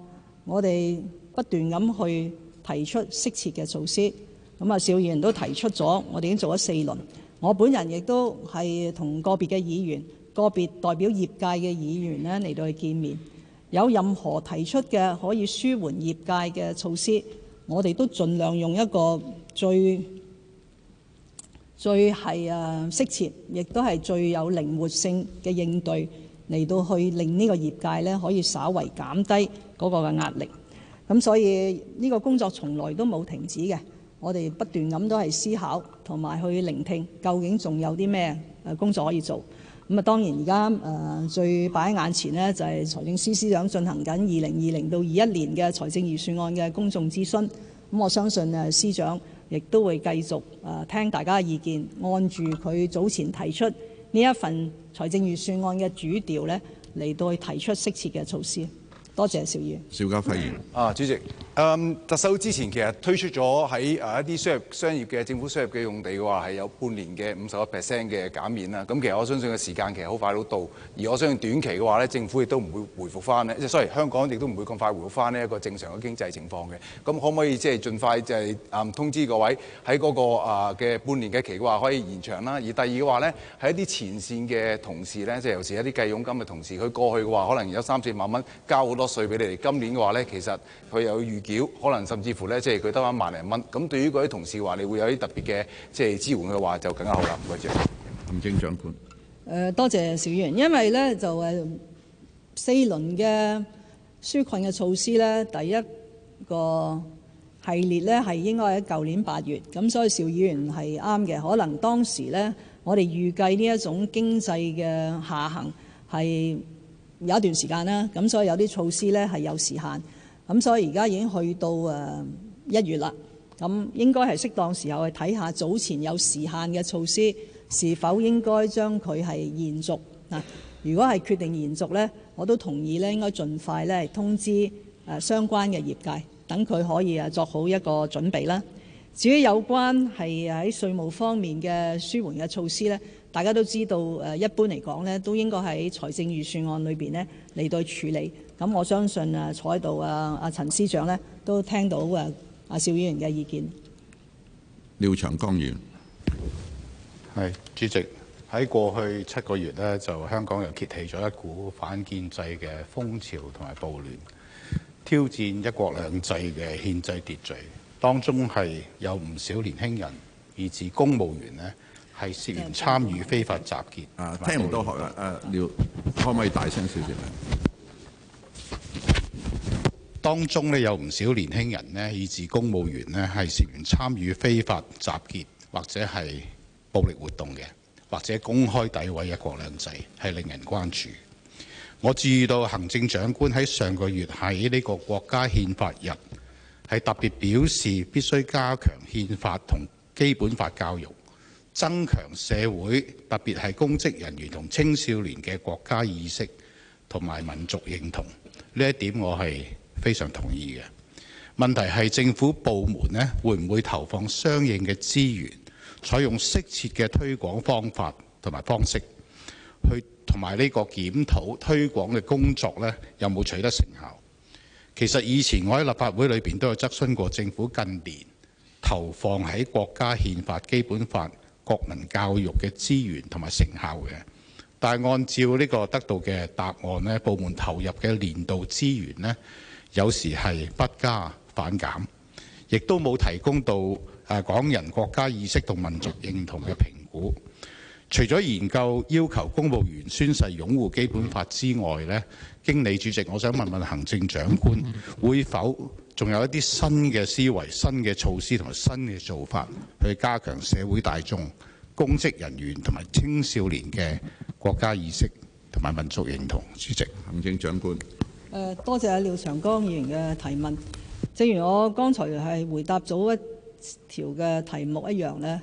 我哋不斷咁去提出適切嘅措施。咁啊，邵議員都提出咗，我哋已經做咗四輪，我本人亦都係同個別嘅議員，個別代表業界嘅議員呢嚟到去見面。有任何提出嘅可以舒緩業界嘅措施，我哋都盡量用一個最最係誒適切，亦都係最有靈活性嘅應對，嚟到去令呢個業界咧可以稍為減低嗰個嘅壓力。咁所以呢個工作從來都冇停止嘅，我哋不斷咁都係思考同埋去聆聽究竟仲有啲咩誒工作可以做。咁啊，當然而家誒最擺喺眼前呢，就係財政司司長進行緊二零二零到二一年嘅財政預算案嘅公眾諮詢。咁我相信誒司長亦都會繼續誒聽大家嘅意見，按住佢早前提出呢一份財政預算案嘅主調咧，嚟到提出適切嘅措施。多謝邵議。
邵家輝議員啊，主席。誒、um, 特首之前其實推出咗喺誒一啲商業商業嘅政府商業嘅用地嘅話係有半年嘅五十個 percent 嘅減免啦。咁其實我相信嘅時間其實好快都到，而我相信短期嘅話咧，政府亦都唔會回復翻呢，即係 sorry 香港亦都唔會咁快回復翻呢一個正常嘅經濟情況嘅。咁可唔可以即係盡快就係、是、誒、嗯、通知各位喺嗰、嗰個嘅、呃、半年嘅期嘅話可以延長啦。而第二嘅話咧，喺一啲前線嘅同事咧，即係尤其是一啲計佣金嘅同事，佢過去嘅話可能有三四萬蚊交好多稅俾你，今年嘅話咧其實佢有預。可能甚至乎呢，即係佢得翻萬零蚊。咁對於嗰啲同事話，你會有啲特別嘅即係支援嘅話，就更加好啦。唔該，主席。行
政長官。
誒，多謝邵議員。因為呢，就誒四輪嘅紓困嘅措施呢，第一個系列呢，係應該喺舊年八月。咁所以邵議員係啱嘅。可能當時呢，我哋預計呢一種經濟嘅下行係有一段時間啦。咁所以有啲措施呢，係有時限。咁所以而家已經去到誒一月啦，咁應該係適當時候去睇下早前有時限嘅措施是否應該將佢係延續啊。如果係決定延續咧，我都同意咧，應該盡快咧通知誒相關嘅業界，等佢可以啊做好一個準備啦。至於有關係喺稅務方面嘅舒緩嘅措施咧，大家都知道誒一般嚟講咧都應該喺財政預算案裏邊咧嚟到處理。咁我相信道啊，坐喺度啊阿陳司長呢都聽到啊阿邵議員嘅意見。
廖長江議員，係主席
喺過去七個月呢，就香港又揭起咗一股反建制嘅風潮同埋暴亂，挑戰一國兩制嘅憲制秩序，當中係有唔少年輕人，以至公務員呢，係涉嫌參與非法集結。啊，聽唔到學人廖、啊啊、可唔可以大聲少少咧？啊當中有唔少年輕人咧，以至公務員咧係涉嫌參與非法集結或者係暴力活動嘅，或者公開詆毀一國兩制，係令人關注。我注意到行政長官喺上個月喺呢個國家憲法日係特別表示，必須加強憲法同基本法教育，增強社會特別係公職人員同青少年嘅國家意識同埋民族認同。呢一點我係非常同意嘅。問題係政府部門咧，會唔會投放相應嘅資源，採用適切嘅推廣方法同埋方式，去同埋呢個檢討推廣嘅工作呢？有冇取得成效？其實以前我喺立法會裏邊都有質詢過政府近年投放喺國家憲法基本法、國民教育嘅資源同埋成效嘅。但按照呢個得到嘅答案咧，部門投入嘅年度資源咧，有時，係不加反減，亦都冇提供到誒港人國家意識同民族認同嘅評估。除咗研究要求公務員宣誓擁護基本法之外咧，經理主席，我想問問行政長官會否仲有一啲新嘅思維、新嘅措施同埋新嘅做法，去加強社會大眾。公職人員同埋青少年嘅國家意識同埋民族認同，主席。行政長官。
誒，多謝廖長江議員嘅提問。正如我剛才係回答早一條嘅題目一樣咧，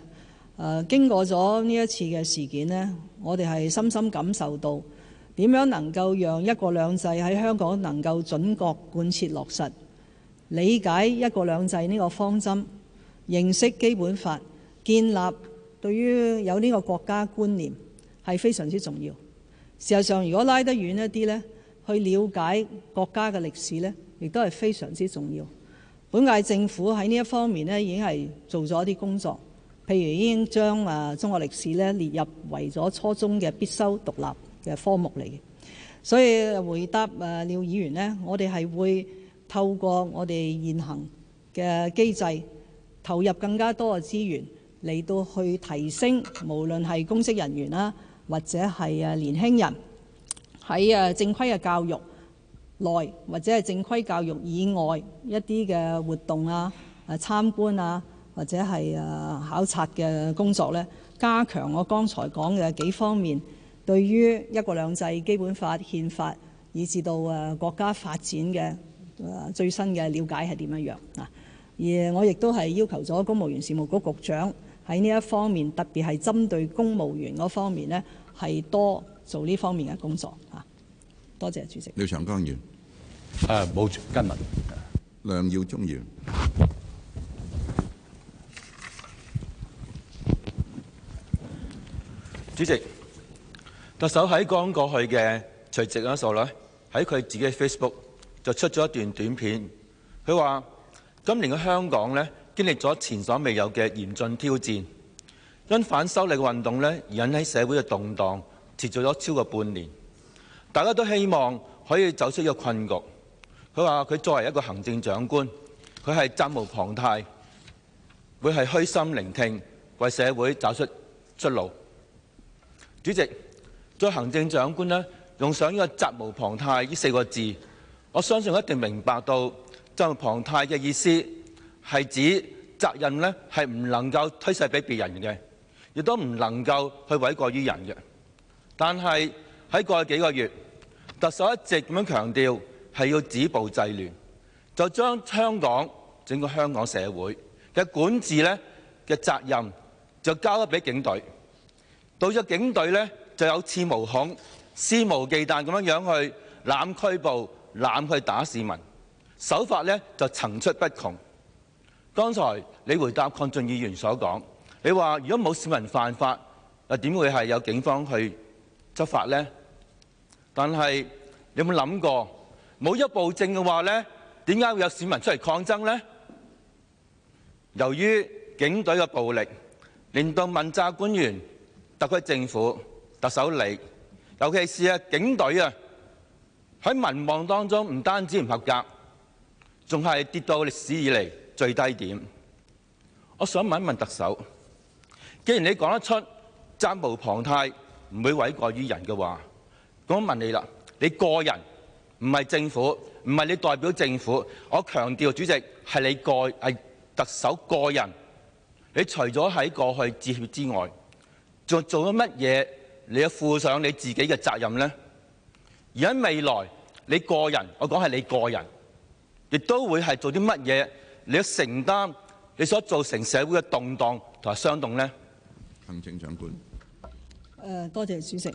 誒，經過咗呢一次嘅事件咧，我哋係深深感受到點樣能夠讓一國兩制喺香港能夠準確貫徹落實，理解一國兩制呢個方針，認識基本法，建立。對於有呢個國家觀念係非常之重要。事實上，如果拉得遠一啲呢，去了解國家嘅歷史呢，亦都係非常之重要。本屆政府喺呢一方面呢，已經係做咗啲工作，譬如已經將誒中國歷史呢列入為咗初中嘅必修獨立嘅科目嚟嘅。所以回答誒廖議員呢，我哋係會透過我哋現行嘅機制，投入更加多嘅資源。嚟到去提升，無論係公職人員啦、啊，或者係誒年輕人喺誒正規嘅教育內或者係正規教育以外一啲嘅活動啊、誒參觀啊，或者係誒考察嘅工作咧，加強我剛才講嘅幾方面，對於一國兩制基本法、憲法，以至到誒國家發展嘅誒最新嘅了解係點樣樣啊，而我亦都係要求咗公務員事務局局長。喺呢一方面，特別係針對公務員嗰方面呢，係多做呢方面嘅工作嚇。多謝主席。
廖長江議員，啊，冇錯，今日梁耀忠議員。主
席，特首喺剛過去嘅除夕嗰時候，呢喺佢自己 Facebook 就出咗一段短片，佢話今年嘅香港呢。」經歷咗前所未有嘅嚴峻挑戰，因反修例嘅運動咧引起社會嘅動盪，持續咗超過半年。大家都希望可以走出呢個困局。佢話：佢作為一個行政長官，佢係責無旁貸，會係虛心聆聽，為社會找出出路。主席，做行政長官咧，用上呢個責無旁貸呢四個字，我相信一定明白到責無旁貸嘅意思。係指責任咧，係唔能夠推卸俾別人嘅，亦都唔能夠去委過於人嘅。但係喺過去幾個月，特首一直咁樣強調係要止暴制亂，就將香港整個香港社會嘅管治咧嘅責任就交咗俾警隊。到咗警隊咧，就有恃無恐、肆無忌憚咁樣樣去濫拘捕、濫去打市民，手法咧就層出不窮。剛才你回答抗進議員所講，你話如果冇市民犯法，啊點會係有警方去執法呢？但係你有冇諗有過冇咗暴政嘅話呢，點解會有市民出嚟抗爭呢？由於警隊嘅暴力，令到問責官員、特區政府、特首李，尤其是啊警隊啊喺民望當中唔單止唔合格，仲係跌到歷史以來最低點，我想問一問特首，既然你講得出責無旁貸、唔會委過於人嘅話，咁我問你啦，你個人唔係政府，唔係你代表政府，我強調主席係你個係特首個人，你除咗喺過去止血之外，仲做咗乜嘢？你要負上你自己嘅責任呢？而喺未來，你個人，我講係你個人，亦都會係做啲乜嘢？你要承擔你所造成社會嘅動盪同埋傷痛呢？行政長官，
誒多謝主席。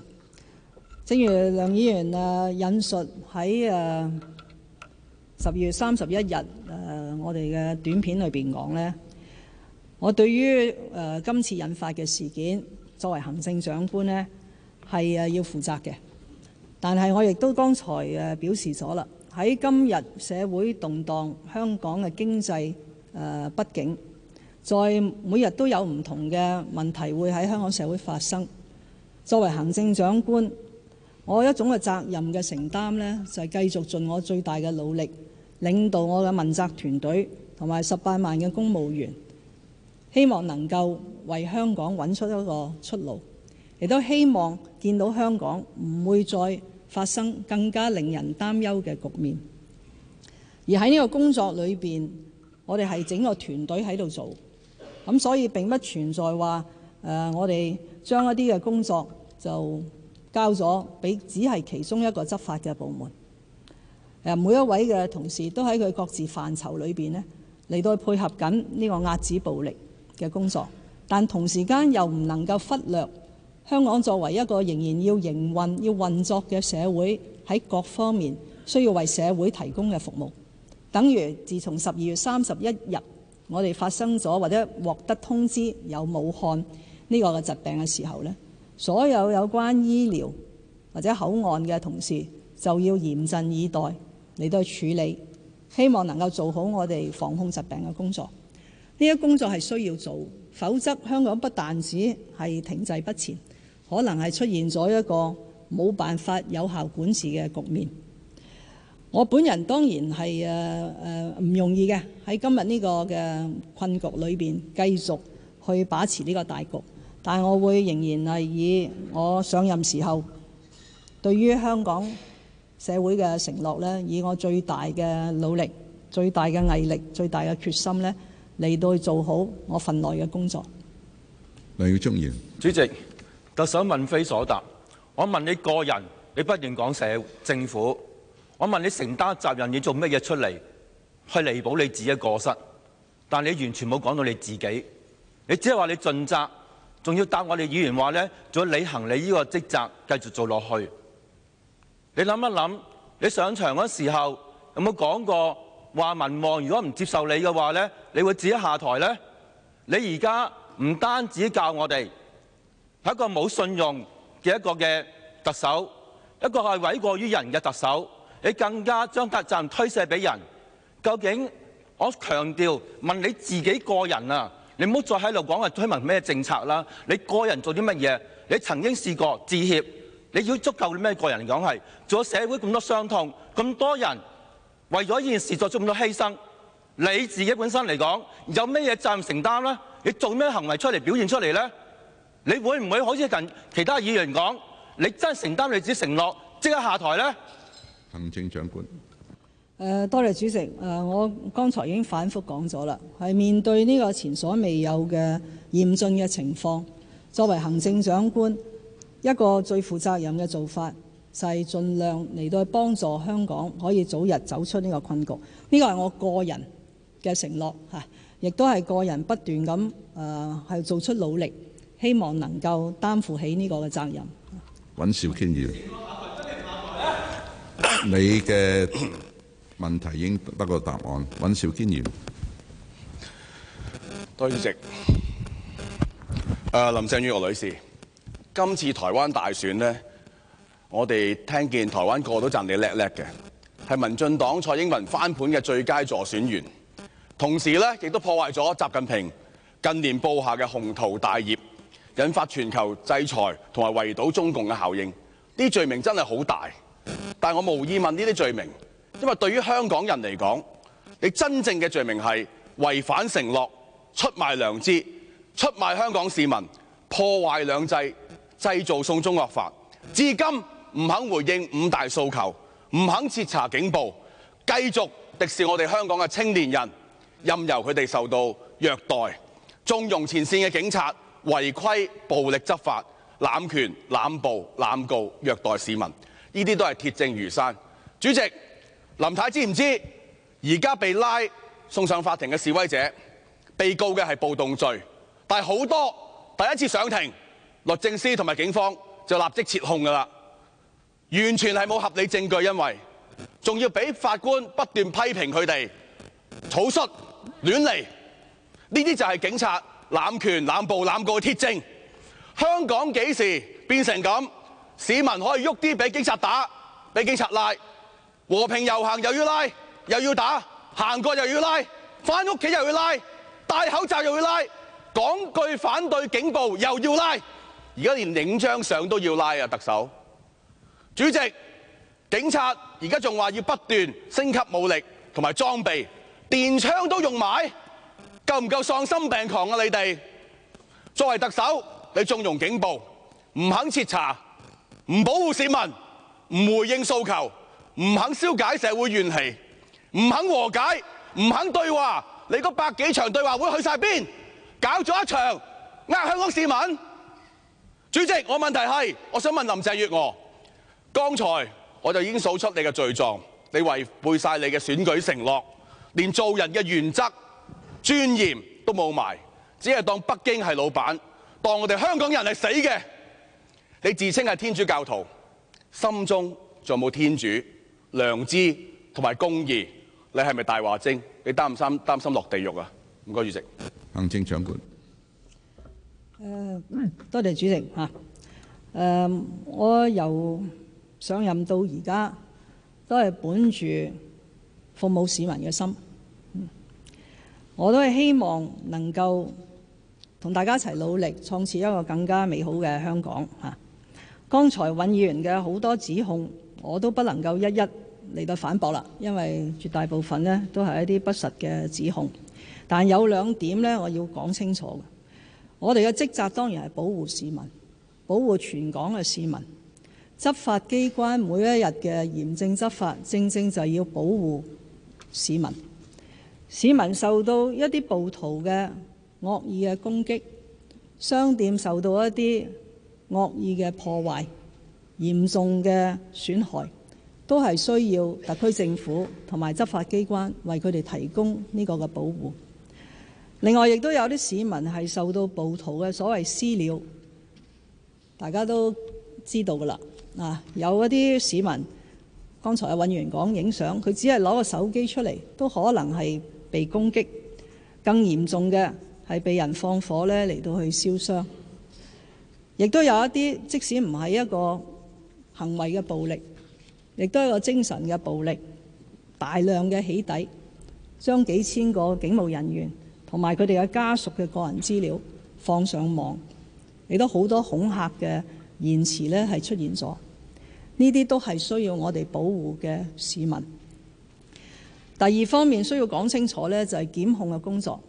正如梁議員誒引述喺誒十二月三十一日誒我哋嘅短片裏邊講呢，我對於誒今次引發嘅事件，作為行政長官呢，係誒要負責嘅。但係我亦都剛才誒表示咗啦。喺今日社會動盪，香港嘅經濟誒不景，在每日都有唔同嘅問題會喺香港社會發生。作為行政長官，我一種嘅責任嘅承擔呢，就係繼續盡我最大嘅努力，領導我嘅問責團隊同埋十八萬嘅公務員，希望能夠為香港揾出一個出路，亦都希望見到香港唔會再發生更加令人擔憂嘅局面，而喺呢個工作裏邊，我哋係整個團隊喺度做，咁所以並不存在話誒、呃，我哋將一啲嘅工作就交咗俾只係其中一個執法嘅部門。誒，每一位嘅同事都喺佢各自範疇裏邊呢嚟到配合緊呢個壓止暴力嘅工作，但同時間又唔能夠忽略。香港作為一個仍然要營運、要運作嘅社會，喺各方面需要為社會提供嘅服務。等於自從十二月三十一日我哋發生咗或者獲得通知有武漢呢個嘅疾病嘅時候呢，所有有關醫療或者口岸嘅同事就要嚴陣以待嚟到去處理，希望能夠做好我哋防控疾病嘅工作。呢一工作係需要做，否則香港不但止係停滯不前。可能係出現咗一個冇辦法有效管治嘅局面。我本人當然係誒誒唔容易嘅，喺今日呢個嘅困局裏邊繼續去把持呢個大局。但係我會仍然係以我上任時候對於香港社會嘅承諾咧，以我最大嘅努力、最大嘅毅力、最大嘅決心咧，嚟到去做好我份內嘅工作。
梁耀忠議員。
主席。我想問非所答，我問你個人，你不斷講社政府，我問你承擔責任，你做乜嘢出嚟去彌補你自己過失？但你完全冇講到你自己，你只係話你盡責，仲要答我哋議員話呢，仲要履行你呢個職責，繼續做落去。你諗一諗，你上場嗰時候有冇講過話民望如果唔接受你嘅話呢，你會自己下台呢？你而家唔單止教我哋。係一個冇信用嘅一個嘅特首，一個係諉過於人嘅特首，你更加將責任推卸畀人。究竟我強調問你自己個人啊，你唔好再喺度講話推行咩政策啦。你個人做啲乜嘢？你曾經試過致歉？你要足夠咩個人嚟講係？做咗社會咁多傷痛，咁多人為咗呢件事做出咁多犧牲，你自己本身嚟講有咩責任承擔呢？你做咩行為出嚟表現出嚟呢？你會唔會好似同其他議員講？你真係承擔你自己承諾，即刻下台呢？
行政長官，
誒，多謝主席。誒，我剛才已經反覆講咗啦，係面對呢個前所未有嘅嚴峻嘅情況，作為行政長官一個最負責任嘅做法，就係、是、盡量嚟到幫助香港可以早日走出呢個困局。呢、這個係我個人嘅承諾嚇，亦都係個人不斷咁誒係做出努力。希望能夠擔負起呢個嘅責任。
尹兆堅議員，你嘅問題已經得到答案。尹兆堅議員，
多謝主席。林鄭月娥女士，今次台灣大選呢，我哋聽見台灣個個都讚你叻叻嘅，係民進黨蔡英文翻盤嘅最佳助選員，同時呢，亦都破壞咗習近平近年布下嘅宏圖大業。引發全球制裁同埋圍堵中共嘅效應，啲罪名真係好大。但我無意問呢啲罪名，因為對於香港人嚟講，你真正嘅罪名係違反承諾、出賣良知、出賣香港市民、破壞兩制、製造送中惡法，至今唔肯回應五大訴求，唔肯徹查警暴，繼續敵視我哋香港嘅青年人，任由佢哋受到虐待，縱容前線嘅警察。違規暴力執法、濫權濫捕、濫告、虐待市民，呢啲都係鐵證如山。主席，林太知唔知而家被拉送上法庭嘅示威者，被告嘅係暴動罪，但係好多第一次上庭，律政司同埋警方就立即撤控㗎喇，完全係冇合理證據，因為仲要俾法官不斷批評佢哋草率、亂嚟，呢啲就係警察。濫權、濫暴、濫過的鐵證，香港幾時變成咁？市民可以喐啲俾警察打、俾警察拉，和平遊行又要拉，又要打，行過又要拉，返屋企又要拉，戴口罩又要拉，講句反對警暴又要拉，而家連影張相都要拉啊！特首、主席、警察，而家仲話要不斷升級武力同埋裝備，電槍都用埋。夠唔夠喪心病狂啊！你哋作為特首，你縱容警暴，唔肯徹查，唔保護市民，唔回應訴求，唔肯消解社會怨氣，唔肯和解，唔肯對話。你嗰百幾場對話會去晒邊？搞咗一場呃，香港市民。主席，我問題係，我想問林鄭月娥，剛才我就已經數出你嘅罪狀，你違背晒你嘅選舉承諾，連做人嘅原則尊嚴都冇埋，只係當北京係老闆，當我哋香港人係死嘅。你自稱係天主教徒，心中仲冇天主、良知同埋公義？你係咪大話精？你擔唔擔心落地獄啊？唔該主席。
行政長官，誒、uh,，
多謝主席吓。誒、uh,，我由上任到而家都係本住服務市民嘅心。我都係希望能夠同大家一齊努力，創設一個更加美好嘅香港。嚇，剛才尹議員嘅好多指控，我都不能夠一一嚟到反駁啦，因為絕大部分呢都係一啲不實嘅指控。但有兩點呢，我要講清楚，我哋嘅職責當然係保護市民，保護全港嘅市民。執法機關每一日嘅嚴正執法，正正就係要保護市民。市民受到一啲暴徒嘅惡意嘅攻擊，商店受到一啲惡意嘅破壞，嚴重嘅損害，都係需要特區政府同埋執法機關為佢哋提供呢個嘅保護。另外，亦都有啲市民係受到暴徒嘅所謂私了，大家都知道噶啦。啊，有一啲市民，剛才阿韻員講影相，佢只係攞個手機出嚟，都可能係。被攻擊，更嚴重嘅係被人放火呢，嚟到去燒傷，亦都有一啲即使唔係一個行為嘅暴力，亦都係一個精神嘅暴力。大量嘅起底，將幾千個警務人員同埋佢哋嘅家屬嘅個人資料放上網，亦都好多恐嚇嘅言詞呢係出現咗。呢啲都係需要我哋保護嘅市民。第二方面需要講清楚呢，就係檢控嘅工作。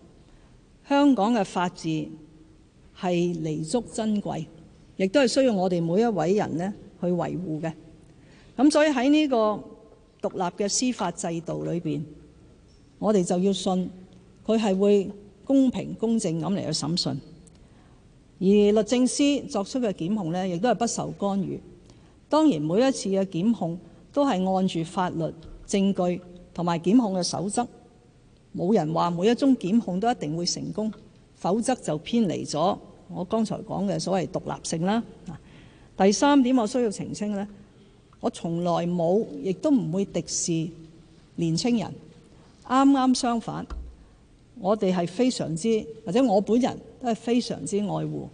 香港嘅法治係彌足珍貴，亦都係需要我哋每一位人呢去維護嘅。咁所以喺呢個獨立嘅司法制度裏邊，我哋就要信佢係會公平公正咁嚟去審訊。而律政司作出嘅檢控呢，亦都係不受干預。當然，每一次嘅檢控都係按住法律證據。同埋檢控嘅守則，冇人話每一宗檢控都一定會成功，否則就偏離咗我剛才講嘅所謂獨立性啦。第三點我需要澄清呢，我從來冇，亦都唔會敵視年青人。啱啱相反，我哋係非常之，或者我本人都係非常之愛護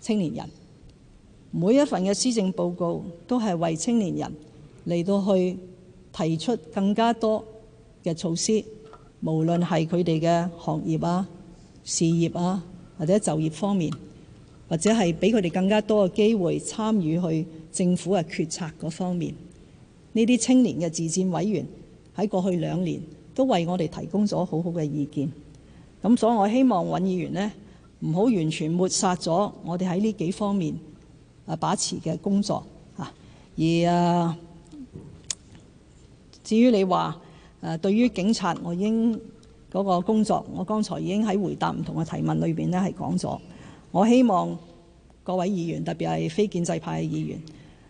青年人。每一份嘅施政報告都係為青年人嚟到去。提出更加多嘅措施，無論係佢哋嘅行業啊、事業啊，或者就業方面，或者係俾佢哋更加多嘅機會參與去政府嘅決策嗰方面。呢啲青年嘅自薦委員喺過去兩年都為我哋提供咗好好嘅意見，咁所以我希望尹議員咧唔好完全抹殺咗我哋喺呢幾方面啊把持嘅工作啊，而啊。至於你話誒，對於警察，我已經嗰、那個工作，我剛才已經喺回答唔同嘅提問裏邊呢係講咗。我希望各位議員，特別係非建制派嘅議員，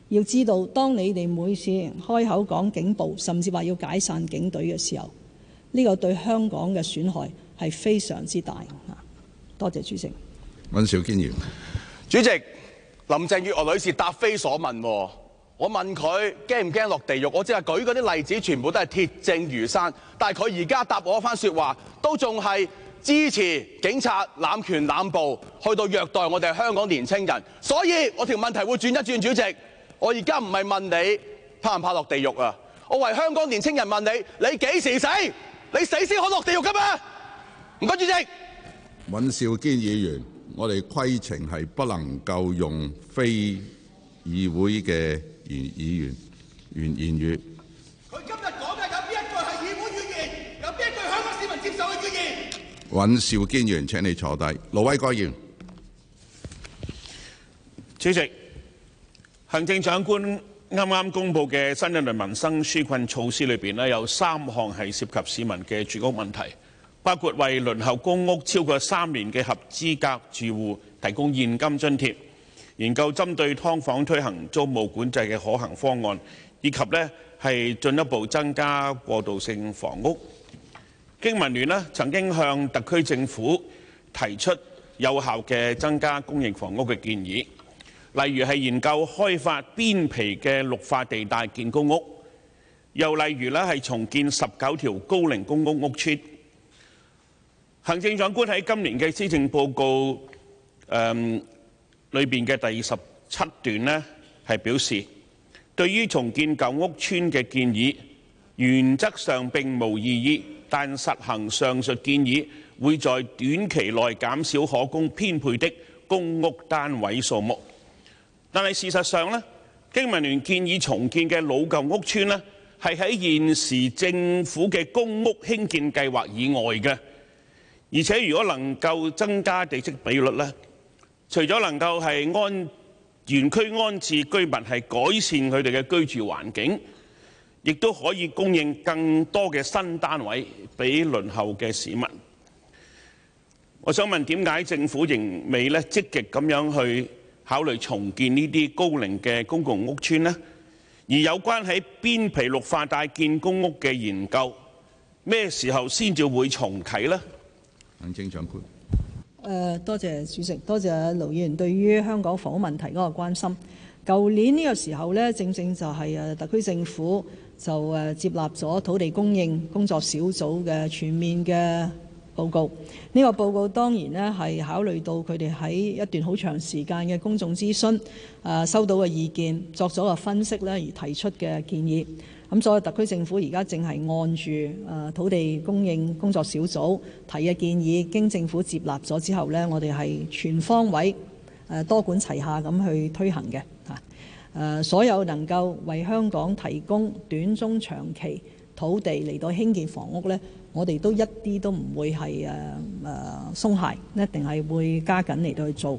要知道，當你哋每次開口講警暴，甚至話要解散警隊嘅時候，呢、這個對香港嘅損害係非常之大。多謝主席。
尹兆堅議員，
主席，林鄭月娥女士答非所問喎。我問佢驚唔驚落地獄？我即係舉嗰啲例子，全部都係鐵證如山。但係佢而家答我嗰番説話，都仲係支持警察濫權濫暴，去到虐待我哋香港年青人。所以，我條問題會轉一轉，主席。我而家唔係問你怕唔怕落地獄啊？我為香港年青人問你，你幾時死？你死先可落地獄㗎嘛？唔該，主席。
尹兆堅議員，我哋規程係不能夠用非議會嘅。袁議員，袁綸宇，
佢今日講嘅有邊一句係議會語言？有邊一句香港市民接受嘅語言？
尹兆堅議員，請你坐低。盧偉國議員，
主席，行政長官啱啱公布嘅新一輪民生紓困措施裏邊呢，有三項係涉及市民嘅住屋問題，包括為輪候公屋超過三年嘅合資格住戶提供現金津貼。研究針對劏房推行租務管制嘅可行方案，以及咧係進一步增加過渡性房屋。經民聯咧曾經向特區政府提出有效嘅增加公營房屋嘅建議，例如係研究開發邊皮嘅綠化地帶建公屋，又例如咧係重建十九條高齡公屋屋邨。行政長官喺今年嘅施政報告誒。裏面嘅第二十七段呢，係表示對於重建舊屋村嘅建議，原則上並無異議，但實行上述建議會在短期內減少可供編配的公屋單位數目。但係事實上咧，經民聯建議重建嘅老舊屋村呢，係喺現時政府嘅公屋興建計劃以外嘅，而且如果能夠增加地積比率呢。除咗能夠係安園區安置居民係改善佢哋嘅居住環境，亦都可以供應更多嘅新單位俾輪候嘅市民。我想問點解政府仍未咧積極咁樣去考慮重建呢啲高齡嘅公共屋邨呢？而有關喺邊皮綠化帶建公屋嘅研究，咩時候先至會重啟呢？行政長官。
誒多謝主席，多謝劉議員對於香港房屋問題嗰個關心。舊年呢個時候咧，正正就係誒特區政府就誒接納咗土地供應工作小組嘅全面嘅報告。呢個報告當然咧係考慮到佢哋喺一段好長時間嘅公眾諮詢誒收到嘅意見，作咗個分析咧而提出嘅建議。咁所以特區政府而家正係按住誒土地供應工作小組提嘅建議，經政府接納咗之後咧，我哋係全方位誒多管齊下咁去推行嘅嚇誒。所有能夠為香港提供短中長期土地嚟到興建房屋咧，我哋都一啲都唔會係誒誒鬆懈，一定係會加緊嚟到去做。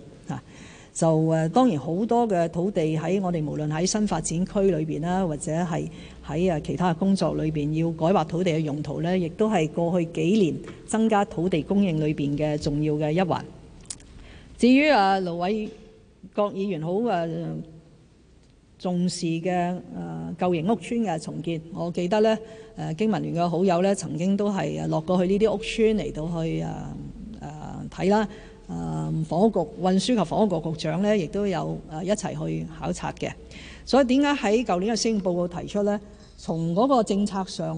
就誒當然好多嘅土地喺我哋無論喺新發展區裏邊啦，或者係喺誒其他工作裏邊要改劃土地嘅用途呢，亦都係過去幾年增加土地供應裏邊嘅重要嘅一環。至於誒盧偉國議員好誒、啊、重視嘅誒舊型屋邨嘅重建，我記得咧誒經文聯嘅好友咧曾經都係落過去呢啲屋邨嚟到去誒誒睇啦。誒房屋局運輸及房屋局局長咧，亦都有誒一齊去考察嘅。所以點解喺舊年嘅施政報告提出咧？從嗰個政策上。